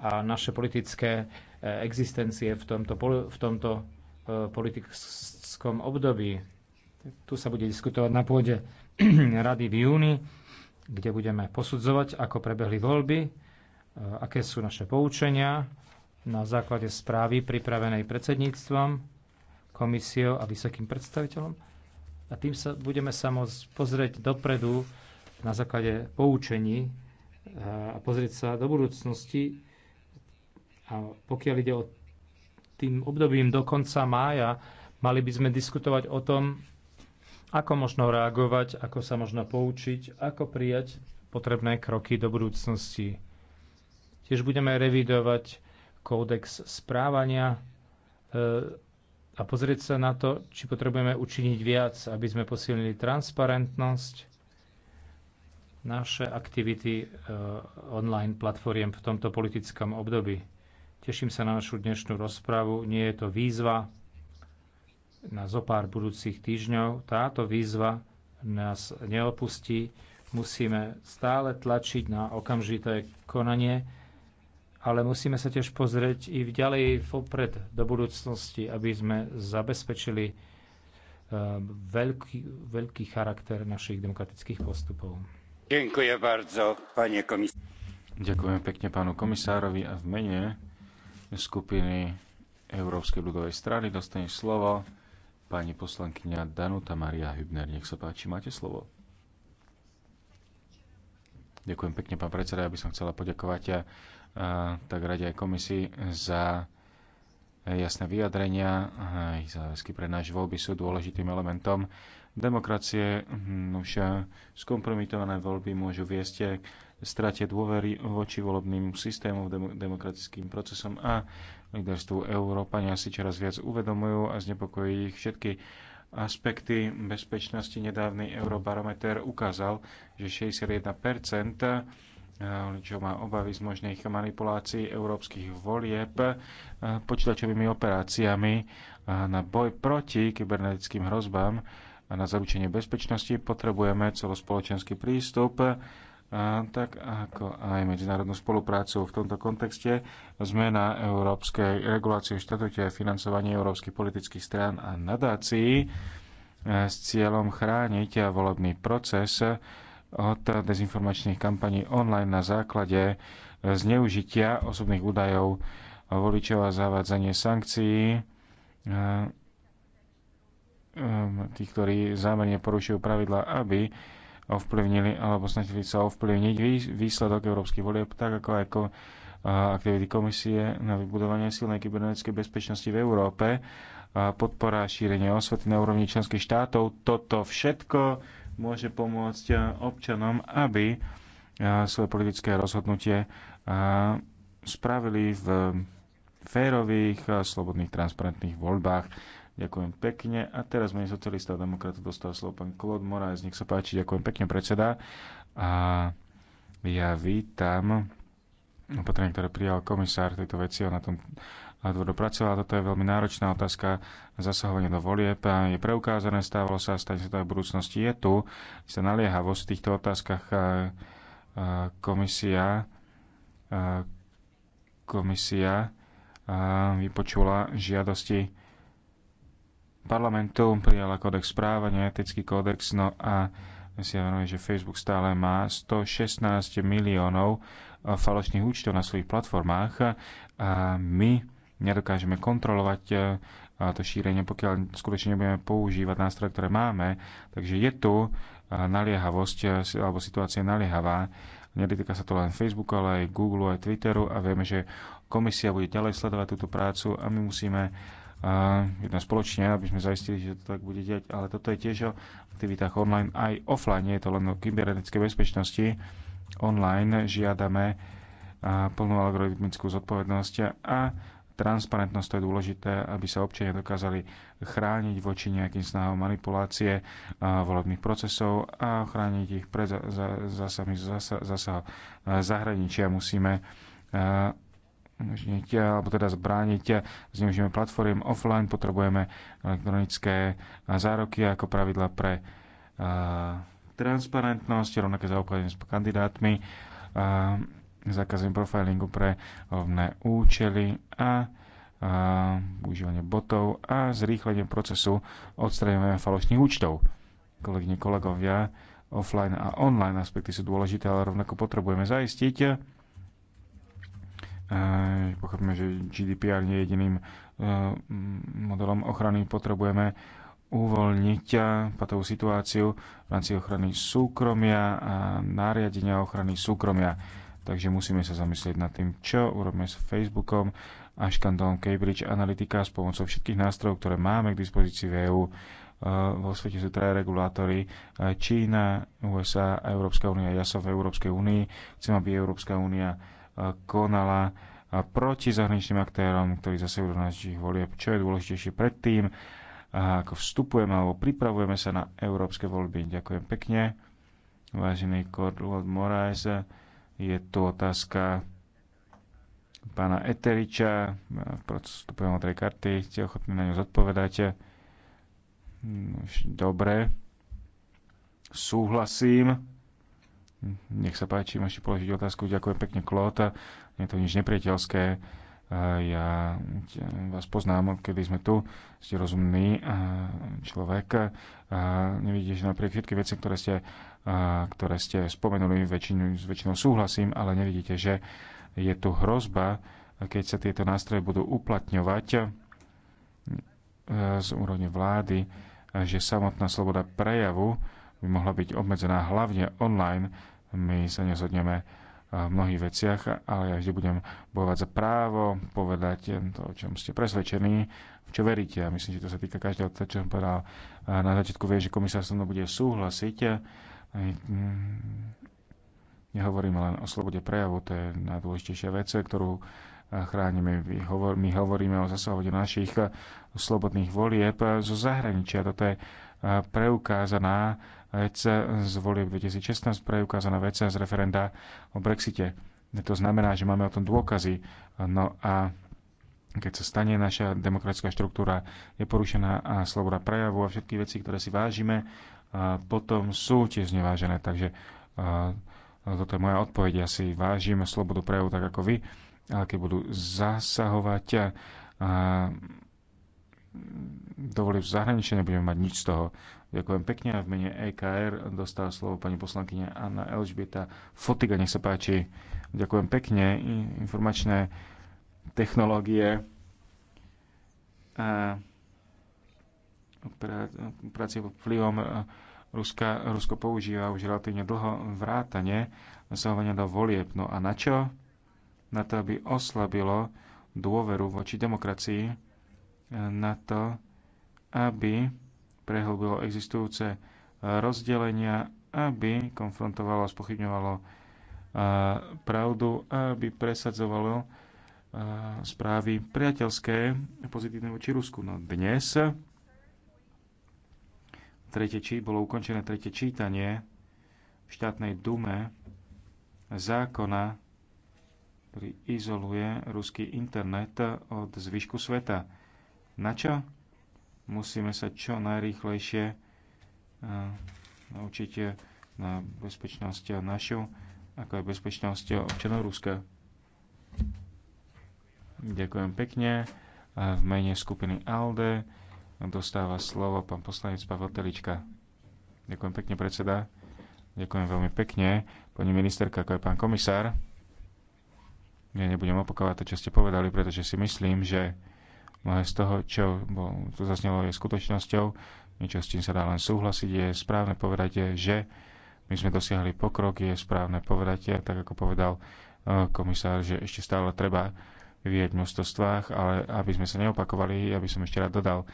a naše politické existencie v tomto, v tomto e, politickom období. Tu sa bude diskutovať na pôde rady v júni, kde budeme posudzovať, ako prebehli voľby, e, aké sú naše poučenia na základe správy pripravenej predsedníctvom, komisiou a vysokým predstaviteľom. A tým sa budeme sa pozrieť dopredu na základe poučení e, a pozrieť sa do budúcnosti, a pokiaľ ide o tým obdobím do konca mája, mali by sme diskutovať o tom, ako možno reagovať, ako sa možno poučiť, ako prijať potrebné kroky do budúcnosti. Tiež budeme revidovať kódex správania e, a pozrieť sa na to, či potrebujeme učiniť viac, aby sme posilnili transparentnosť, naše aktivity e, online platformiem v tomto politickom období. Teším sa na našu dnešnú rozpravu. Nie je to výzva na zopár budúcich týždňov. Táto výzva nás neopustí. Musíme stále tlačiť na okamžité konanie, ale musíme sa tiež pozrieť i v ďalej vopred do budúcnosti, aby sme zabezpečili eh, veľký, veľký charakter našich demokratických postupov. Ďakujem bardzo, pane komisár. Ďakujem pekne pánu komisárovi a v mene skupiny Európskej ľudovej strany dostane slovo pani poslankyňa Danuta Maria Hübner. Nech sa páči, máte slovo. Ďakujem pekne, pán predseda. Ja by som chcela poďakovať a, eh, tak rade aj komisii za jasné vyjadrenia. Aj záväzky pre náš voľby sú dôležitým elementom demokracie. Už eh, skompromitované voľby môžu viesť strate dôvery voči volebným systémom, demokratickým procesom a líderstvu Európania si čoraz viac uvedomujú a znepokojí ich všetky aspekty bezpečnosti. Nedávny Eurobarometer ukázal, že 61 eh, čo má obavy z možných manipulácií európskych volieb eh, počítačovými operáciami eh, na boj proti kybernetickým hrozbám a na zaručenie bezpečnosti potrebujeme celospoločenský prístup tak ako aj medzinárodnú spoluprácu. V tomto kontexte zmena európskej regulácie v štatúte a financovanie európskych politických strán a nadácií e, s cieľom chrániť volebný proces od dezinformačných kampaní online na základe zneužitia osobných údajov voličov a zavádzanie sankcií e, e, tých, ktorí zámerne porušujú pravidla, aby ovplyvnili alebo snažili sa ovplyvniť výsledok európskych volieb, tak ako aj aktivity komisie na vybudovanie silnej kybernetickej bezpečnosti v Európe, a podpora šírenia osvety na úrovni členských štátov. Toto všetko môže pomôcť občanom, aby svoje politické rozhodnutie spravili v férových, slobodných, transparentných voľbách. Ďakujem pekne. A teraz menej socialista a demokratov dostal slovo pán Claude Moraes. Nech sa páči, ďakujem pekne, predseda. A ja vítam opatrenie, ktoré prijal komisár tejto veci Ona na tom tvrdo pracovala. Toto je veľmi náročná otázka zasahovania do volieb. Je preukázané, stávalo sa, stane sa to aj v budúcnosti. Je tu sa naliehavosť v týchto otázkach komisia komisia vypočula žiadosti parlamentu prijala kódex správania, etický kódex, no a si ja venujem, že Facebook stále má 116 miliónov eh, falošných účtov na svojich platformách a my nedokážeme kontrolovať eh, to šírenie, pokiaľ skutočne nebudeme používať nástroje, ktoré máme. Takže je tu eh, naliehavosť, alebo situácia je naliehavá. Netýka sa to len Facebooku, ale aj Google, aj Twitteru a vieme, že komisia bude ďalej sledovať túto prácu a my musíme a jedna spoločne, aby sme zaistili, že to tak bude diať. Ale toto je tiež o aktivitách online aj offline, nie je to len o kybernetickej bezpečnosti. Online žiadame plnú algoritmickú zodpovednosť a transparentnosť to je dôležité, aby sa občania dokázali chrániť voči nejakým snahom manipulácie volebných procesov a chrániť ich pred zásahmi zahraničia. Musíme umožniť, alebo teda zbrániť zneužívanie platform offline, potrebujeme elektronické zároky ako pravidla pre uh, transparentnosť, rovnaké zaobchádzanie s kandidátmi, uh, eh, zákazujem profilingu pre rovné účely a eh, užívanie botov a zrýchlenie procesu odstraňovania falošných účtov. Kolegyne, kolegovia, offline a online aspekty sú dôležité, ale rovnako potrebujeme zaistiť, pochopíme, že GDPR nie je jediným e, modelom ochrany. Potrebujeme uvoľniť e, patovú situáciu v rámci ochrany súkromia a nariadenia ochrany súkromia. Takže musíme sa zamyslieť nad tým, čo urobíme s Facebookom a škandálom Cambridge Analytica s pomocou všetkých nástrojov, ktoré máme k dispozícii v EU, e, Vo svete sú traja regulátory Čína, USA a Európska únia. Ja som v Európskej únii, chcem, aby Európska únia konala proti zahraničným aktérom, ktorí zase do našich volieb. Čo je dôležitejšie predtým, ako vstupujeme alebo pripravujeme sa na európske voľby. Ďakujem pekne. Vážený Lord Moraes, je tu otázka pána Eteriča, vstupujem od tej karty, ste ochotní na ňu zodpovedať. Dobre, súhlasím Mhm, nech sa páči, môžete položiť otázku. Ďakujem pekne, Klóta. Je to nič nepriateľské. Ja vás poznám, kedy sme tu. Ste rozumný človek. Nevidíte, že napriek všetky veci, ktoré ste, ktoré ste spomenuli, väčšinu, s väčšinou súhlasím, ale nevidíte, že je tu hrozba, keď sa tieto nástroje budú uplatňovať e, z úrovne vlády, že samotná sloboda prejavu by mohla byť obmedzená hlavne online. My sa nezhodneme eh, v mnohých veciach, ale ja vždy budem bojovať za právo povedať to, o čom ste presvedčení, v čo veríte. A myslím, že to sa týka každého, to, čo som povedal eh, na začiatku, vie, že komisár so mnou bude súhlasiť. Eh, mm, Nehovoríme len o slobode prejavu, to je najdôležitejšia vec, ktorú chránime. My hovoríme o zasahovaní našich slobodných volieb zo zahraničia. Toto je preukázaná vec z volieb 2016, preukázaná vec z referenda o Brexite. To znamená, že máme o tom dôkazy. No a keď sa stane naša demokratická štruktúra je porušená a sloboda prejavu a všetky veci, ktoré si vážime, potom sú tiež nevážené. Takže toto je moja odpoveď. Ja si vážim slobodu prejavu tak ako vy, ale keď budú zasahovať dovolí v zahraničí nebudeme mať nič z toho. Ďakujem pekne a v mene EKR dostala slovo pani poslankyňa Anna Elžbieta Fotiga, nech sa páči. Ďakujem pekne. Informačné technológie a práci pod vplyvom e, Ruska, Rusko používa už relatívne dlho vrátanie zasahovania do volieb. No a na čo? Na to, aby oslabilo dôveru voči demokracii na to, aby prehlbilo existujúce rozdelenia, aby konfrontovalo a spochybňovalo e, pravdu, aby presadzovalo e, správy priateľské, pozitívne voči Rusku. No dnes tretie či, bolo ukončené tretie čítanie v štátnej dume zákona, ktorý izoluje ruský internet od zvyšku sveta na čo? Musíme sa čo najrýchlejšie eh, naučiť eh, na bezpečnosť našu, ako aj bezpečnosť občanov Ruska. Ďakujem pekne. v mene skupiny ALDE dostáva slovo pán poslanec Pavel Telička. Ďakujem pekne, predseda. Ďakujem veľmi pekne, pani ministerka, ako aj pán komisár. Ja nebudem opakovať to, čo ste povedali, pretože si myslím, že Mnohé z toho, čo tu zaznelo, je skutočnosťou. Niečo s tým sa dá len súhlasiť. Je správne povedať, že my sme dosiahli pokrok. Je správne povedať, tak ako povedal e, komisár, že ešte stále treba vyvieť množstvo stvách, ale aby sme sa neopakovali, ja by som ešte rád dodal,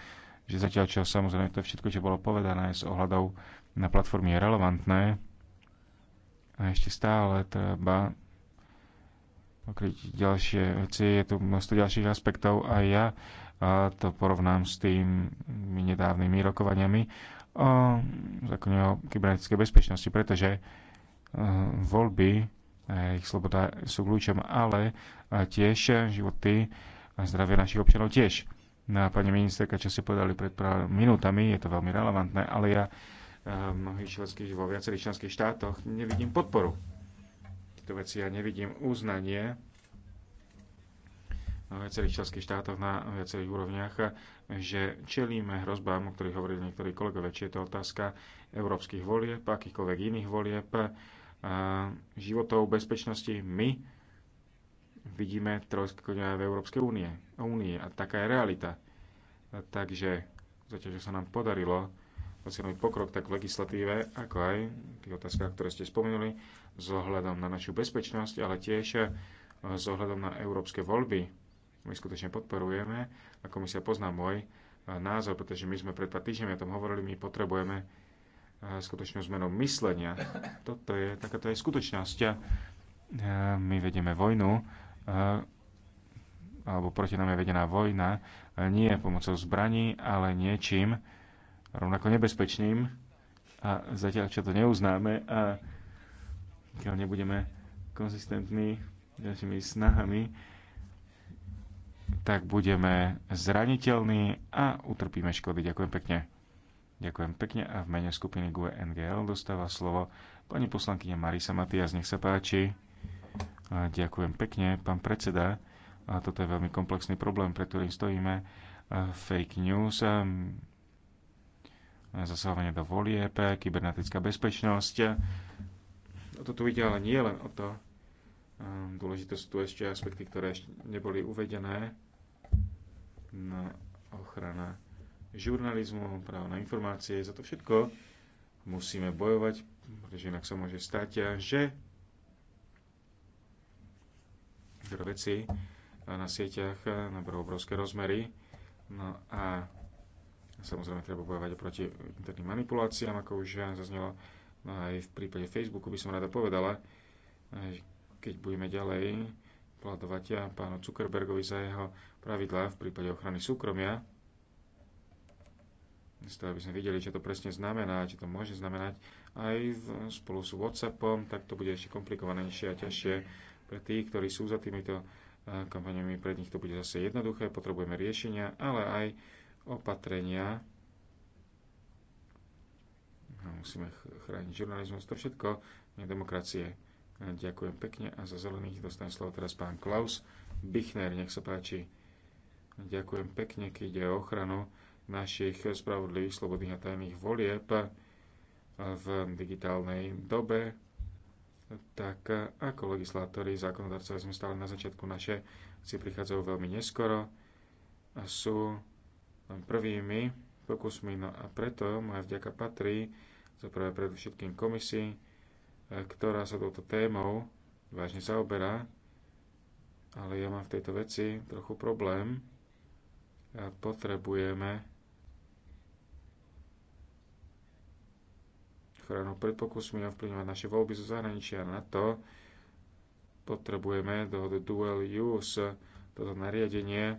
že zatiaľ čo samozrejme to všetko, čo bolo povedané s ohľadou na platformy je relevantné a ešte stále treba pokryť ďalšie veci. Je tu množstvo ďalších aspektov a ja a to porovnám s tými nedávnymi rokovaniami o zákone o kybernetickej bezpečnosti, pretože e, voľby a ich sloboda sú kľúčom, ale tiež životy a zdravie našich občanov tiež. No pani ministerka, čo ste povedali pred pár minútami, je to veľmi relevantné, ale ja e, mnohých členských, vo viacerých členských štátoch nevidím podporu určitú veci. Ja nevidím uznanie na viacerých členských štátoch na viacerých úrovniach, že čelíme hrozbám, o ktorých hovorili niektorí kolegovia, či je to otázka európskych volieb, akýchkoľvek iných volieb, životov, bezpečnosti. My vidíme trojské konia v Európskej únie, únie a taká je realita. Takže zatiaľ, že sa nám podarilo dosiahnuť pokrok tak v legislatíve, ako aj v tých otázkach, ktoré ste spomenuli, s ohľadom na našu bezpečnosť, ale tiež eh, s ohľadom na európske voľby. My skutočne podporujeme a komisia pozná môj eh, názor, pretože my sme pred pár týždňami o tom hovorili, my potrebujeme eh, skutočnú zmenu myslenia. Toto je, takáto je skutočnosť. My vedeme vojnu, alebo proti nám je vedená vojna, nie pomocou zbraní, ale niečím, rovnako nebezpečným a zatiaľ, čo to neuznáme a keď nebudeme konzistentní našimi snahami, tak budeme zraniteľní a utrpíme škody. Ďakujem pekne. Ďakujem pekne a v mene skupiny GUE NGL dostáva slovo pani poslankyňa Marisa Matias. Nech sa páči. A ďakujem pekne, pán predseda. A toto je veľmi komplexný problém, pre ktorým stojíme. A fake news, zasahovanie do volieb, kybernetická bezpečnosť. Toto tu ide ale nie len o to. Ehm, dôležité sú tu ešte aspekty, ktoré ešte neboli uvedené. na ochrana žurnalizmu, právo na informácie, za to všetko musíme bojovať, pretože inak sa môže stať, že veci na sieťach nabrú obrovské rozmery. No a Samozrejme, treba bojovať proti interným manipuláciám, ako už zaznelo aj v prípade Facebooku, by som rada povedala, keď budeme ďalej pladovať pánu Zuckerbergovi za jeho pravidlá v prípade ochrany súkromia, z toho, aby sme videli, čo to presne znamená, čo to môže znamenať aj v, spolu s WhatsAppom, tak to bude ešte komplikovanejšie a ťažšie pre tých, ktorí sú za týmito eh, kampaniami. Pre nich to bude zase jednoduché, potrebujeme riešenia, ale aj opatrenia. A musíme chrániť žurnalizmus, to všetko je demokracie. Ďakujem pekne a za zelených dostane slovo teraz pán Klaus Bichner, nech sa páči. Ďakujem pekne, keď ide o ochranu našich spravodlivých, slobodných a tajných volieb v digitálnej dobe, tak ako legislátori, zákonodarcovia sme stále na začiatku, naše si prichádzajú veľmi neskoro a sú prvými pokusmi. No a preto moja vďaka patrí za prvé predovšetkým komisii, eh, ktorá sa touto témou vážne zaoberá, ale ja mám v tejto veci trochu problém. A potrebujeme ochranu pred pokusmi ovplyvňovať naše voľby zo zahraničia. Na to potrebujeme dohodu dual use, toto nariadenie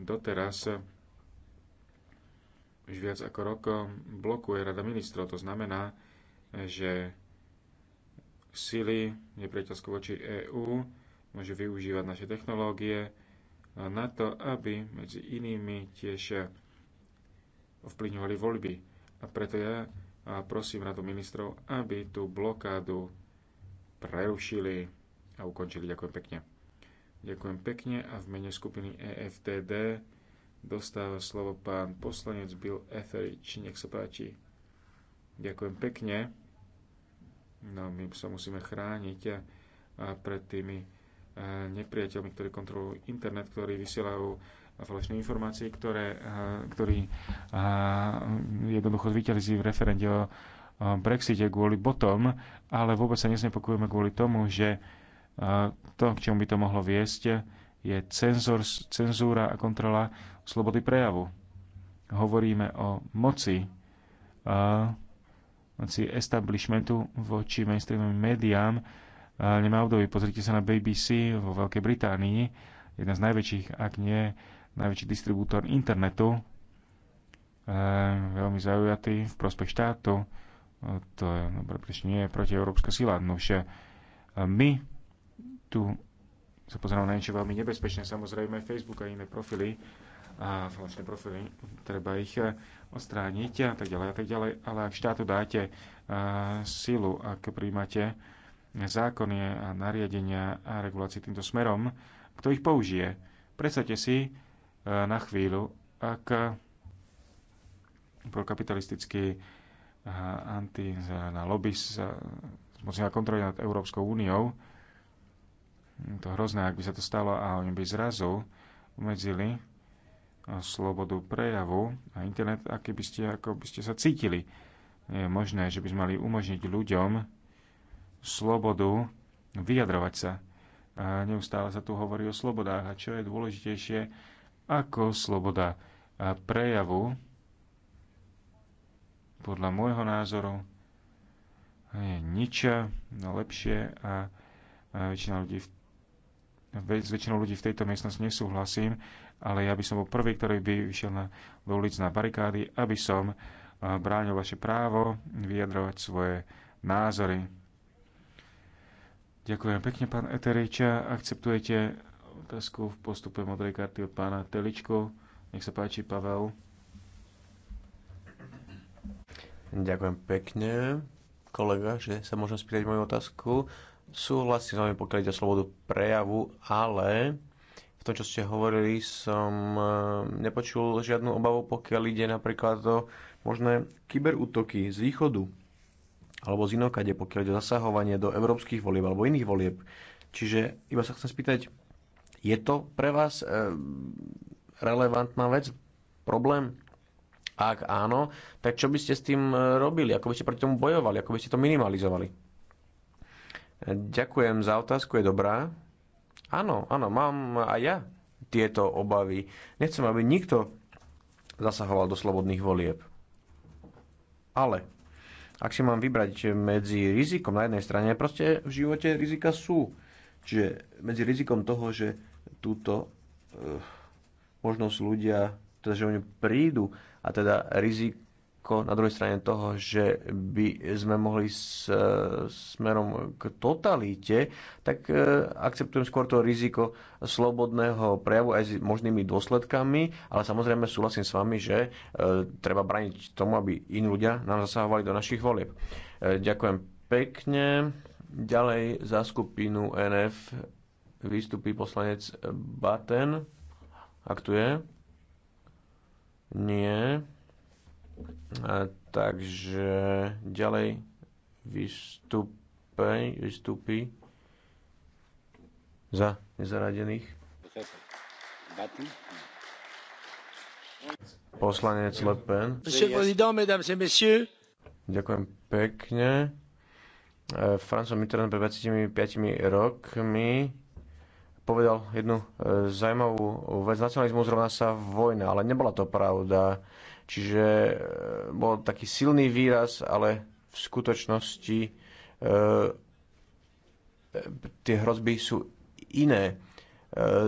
doteraz už viac ako rok blokuje Rada ministrov. To znamená, že sily nepriateľské voči EÚ môže využívať naše technológie na to, aby medzi inými tiež ovplyvňovali voľby. A preto ja prosím Radu ministrov, aby tú blokádu prerušili a ukončili. Ďakujem pekne. Ďakujem pekne a v mene skupiny EFTD dostáva slovo pán poslanec Bill Etheridge. Nech sa páči. Ďakujem pekne. No, my sa musíme chrániť a, a pred tými a, e, nepriateľmi, ktorí kontrolujú internet, ktorí vysielajú falešné informácie, ktoré, a, e, ktorí a, e, jednoducho zvíťazí v referende o, o Brexite kvôli botom, ale vôbec sa neznepokojujeme kvôli tomu, že to, k čomu by to mohlo viesť, je cenzor, cenzúra a kontrola slobody prejavu. Hovoríme o moci, a, moci establishmentu voči mainstreamovým médiám. A nemá obdobie. Pozrite sa na BBC vo Veľkej Británii, jedna z najväčších, ak nie najväčší distribútor internetu, veľmi zaujatý v prospech štátu. To je, no, prečo nie je protieurópska sila. No my tu sa pozerám na niečo veľmi nebezpečné, samozrejme Facebook a iné profily, a falošné profily, treba ich eh, odstrániť a tak ďalej a tak ďalej, ale ak štátu dáte a, eh, silu, ak príjmate zákony a nariadenia a regulácie týmto smerom, kto ich použije? Predstavte si eh, na chvíľu, ak prokapitalistický anti na lobby sa zmocnila kontroly nad Európskou úniou, to hrozné, ak by sa to stalo a oni by zrazu umedzili eh, slobodu prejavu a internet, aký by ste, ako by ste sa cítili. je možné, že by sme mali umožniť ľuďom slobodu vyjadrovať sa. A neustále sa tu hovorí o slobodách a čo je dôležitejšie ako sloboda a eh, prejavu. Podľa môjho názoru je eh, nič no lepšie a väčšina ľudí v s väčšinou ľudí v tejto miestnosti nesúhlasím, ale ja by som bol prvý, ktorý by vyšiel na, do ulic na barikády, aby som eh, bránil vaše právo vyjadrovať svoje názory. Ďakujem pekne, pán Eteriča. Akceptujete otázku v postupe modrej karty od pána Teličku. Nech sa páči, Pavel. Ďakujem pekne, kolega, že sa môžem spýtať moju otázku súhlasím s vami, pokiaľ ide o slobodu prejavu, ale v tom, čo ste hovorili, som eh, nepočul žiadnu obavu, pokiaľ ide napríklad o možné kyberútoky z východu alebo z inokade, pokiaľ ide o zasahovanie do európskych volieb alebo iných volieb. Čiže iba sa chcem spýtať, je to pre vás e, relevantná vec, problém? Ak áno, tak čo by ste s tým eh, robili? Ako by ste proti tomu bojovali? Ako by ste to minimalizovali? Ďakujem za otázku, je dobrá. Áno, áno, mám aj ja tieto obavy. Nechcem, aby nikto zasahoval do slobodných volieb. Ale ak si mám vybrať medzi rizikom na jednej strane, proste v živote rizika sú. Čiže medzi rizikom toho, že túto uh, možnosť ľudia, teda že oni prídu a teda rizik ako na druhej strane toho, že by sme mohli s, smerom k totalite, tak e, akceptujem skôr to riziko slobodného prejavu aj s možnými dôsledkami, ale samozrejme súhlasím s vami, že e, treba braniť tomu, aby iní ľudia nám zasahovali do našich volieb. E, ďakujem pekne. Ďalej za skupinu NF vystupí poslanec Baten. Ak tu je? Nie. Takže ďalej vystúpi, vystúpi za nezaradených. Poslanec Le Pen. Ďakujem pekne. E, François Mitterrand pred 25 rokmi povedal jednu e, zaujímavú vec. Nacionalizmus rovná sa vojna, ale nebola to pravda. Čiže e, bol taký silný výraz, ale v skutočnosti e, tie hrozby sú iné. E,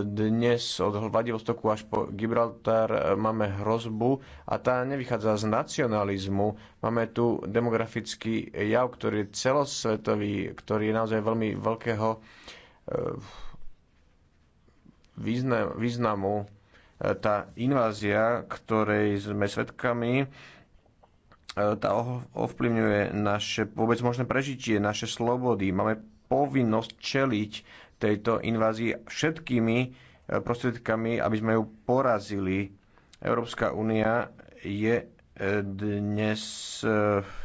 dnes od Vladivostoku až po Gibraltar e, máme hrozbu a tá nevychádza z nacionalizmu. Máme tu demografický jav, ktorý je celosvetový, ktorý je naozaj veľmi veľkého e, význam, významu tá invázia, ktorej sme svedkami, e, tá ovplyvňuje naše vôbec možné prežitie, naše slobody. Máme povinnosť čeliť tejto invázii všetkými e, prostriedkami, aby sme ju porazili. Európska únia je e, dnes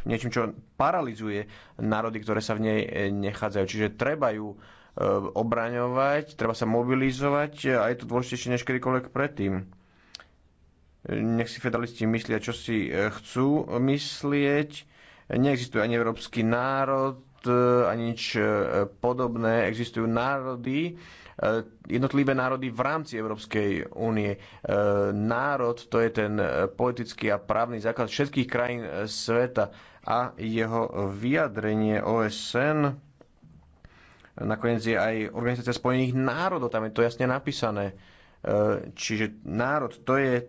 niečím, čo paralizuje národy, ktoré sa v nej nechádzajú. Čiže treba ju Eh, obraňovať, treba sa mobilizovať eh, a je to dôležitejšie než kedykoľvek predtým. Nech si federalisti myslia, čo si eh, chcú myslieť. Neexistuje ani európsky národ, ani nič podobné. Existujú národy, jednotlivé národy v rámci Európskej únie. Národ to je ten politický a právny základ všetkých krajín sveta a jeho vyjadrenie OSN Nakoniec je aj Organizácia spojených národov, tam je to jasne napísané. E, čiže národ, to je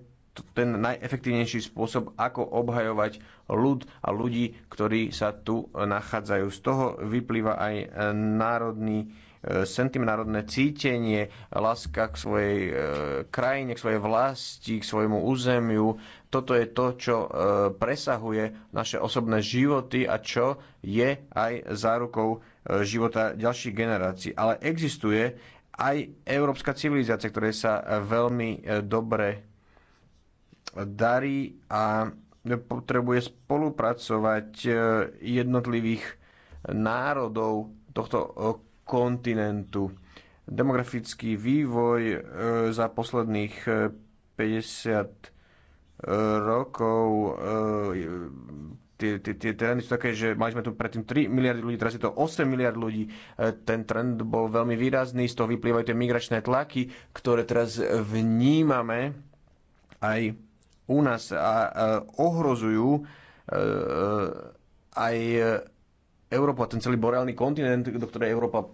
ten najefektívnejší spôsob, ako obhajovať ľud a ľudí, ktorí sa tu nachádzajú. Z toho vyplýva aj národný e, sentiment, národné cítenie, láska k svojej e, krajine, k svojej vlasti, k svojmu územiu. Toto je to, čo presahuje naše osobné životy a čo je aj zárukou života ďalších generácií. Ale existuje aj európska civilizácia, ktoré sa veľmi e, dobre darí a potrebuje spolupracovať e, jednotlivých národov tohto e, kontinentu. Demografický vývoj za posledných 50 rokov tie, tie, tie trendy sú také, že mali sme tu predtým 3 miliardy ľudí, teraz je to 8 miliard ľudí. E, ten trend bol veľmi výrazný, z toho vyplývajú tie migračné tlaky, ktoré teraz vnímame aj u nás a e, ohrozujú e, aj Európa, ten celý boreálny kontinent, do ktorého Európa,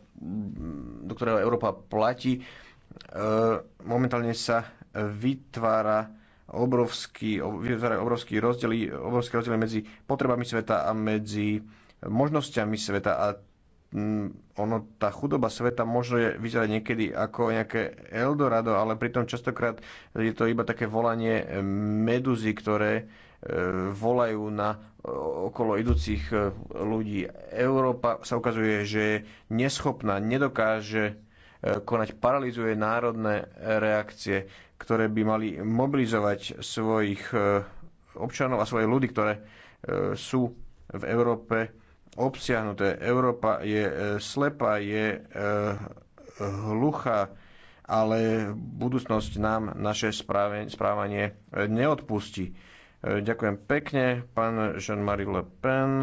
do ktorého Európa platí. Momentálne sa vytvára obrovský, vytvárajú teda obrovský rozdiel, obrovský rozdiely medzi potrebami sveta a medzi možnosťami sveta a mm, ono, tá chudoba sveta je vyzerať niekedy ako nejaké Eldorado, ale pritom častokrát je to iba také volanie eh, meduzy, ktoré eh, volajú na okolo idúcich eh, ľudí. Európa sa ukazuje, že je neschopná, nedokáže konať, paralizuje národné reakcie, ktoré by mali mobilizovať svojich e, občanov a svoje ľudí, ktoré e, sú v Európe obsiahnuté. Európa je e, slepá, je hluchá, ale budúcnosť nám naše správanie neodpustí. Ďakujem pekne, pán Jean-Marie Le Pen.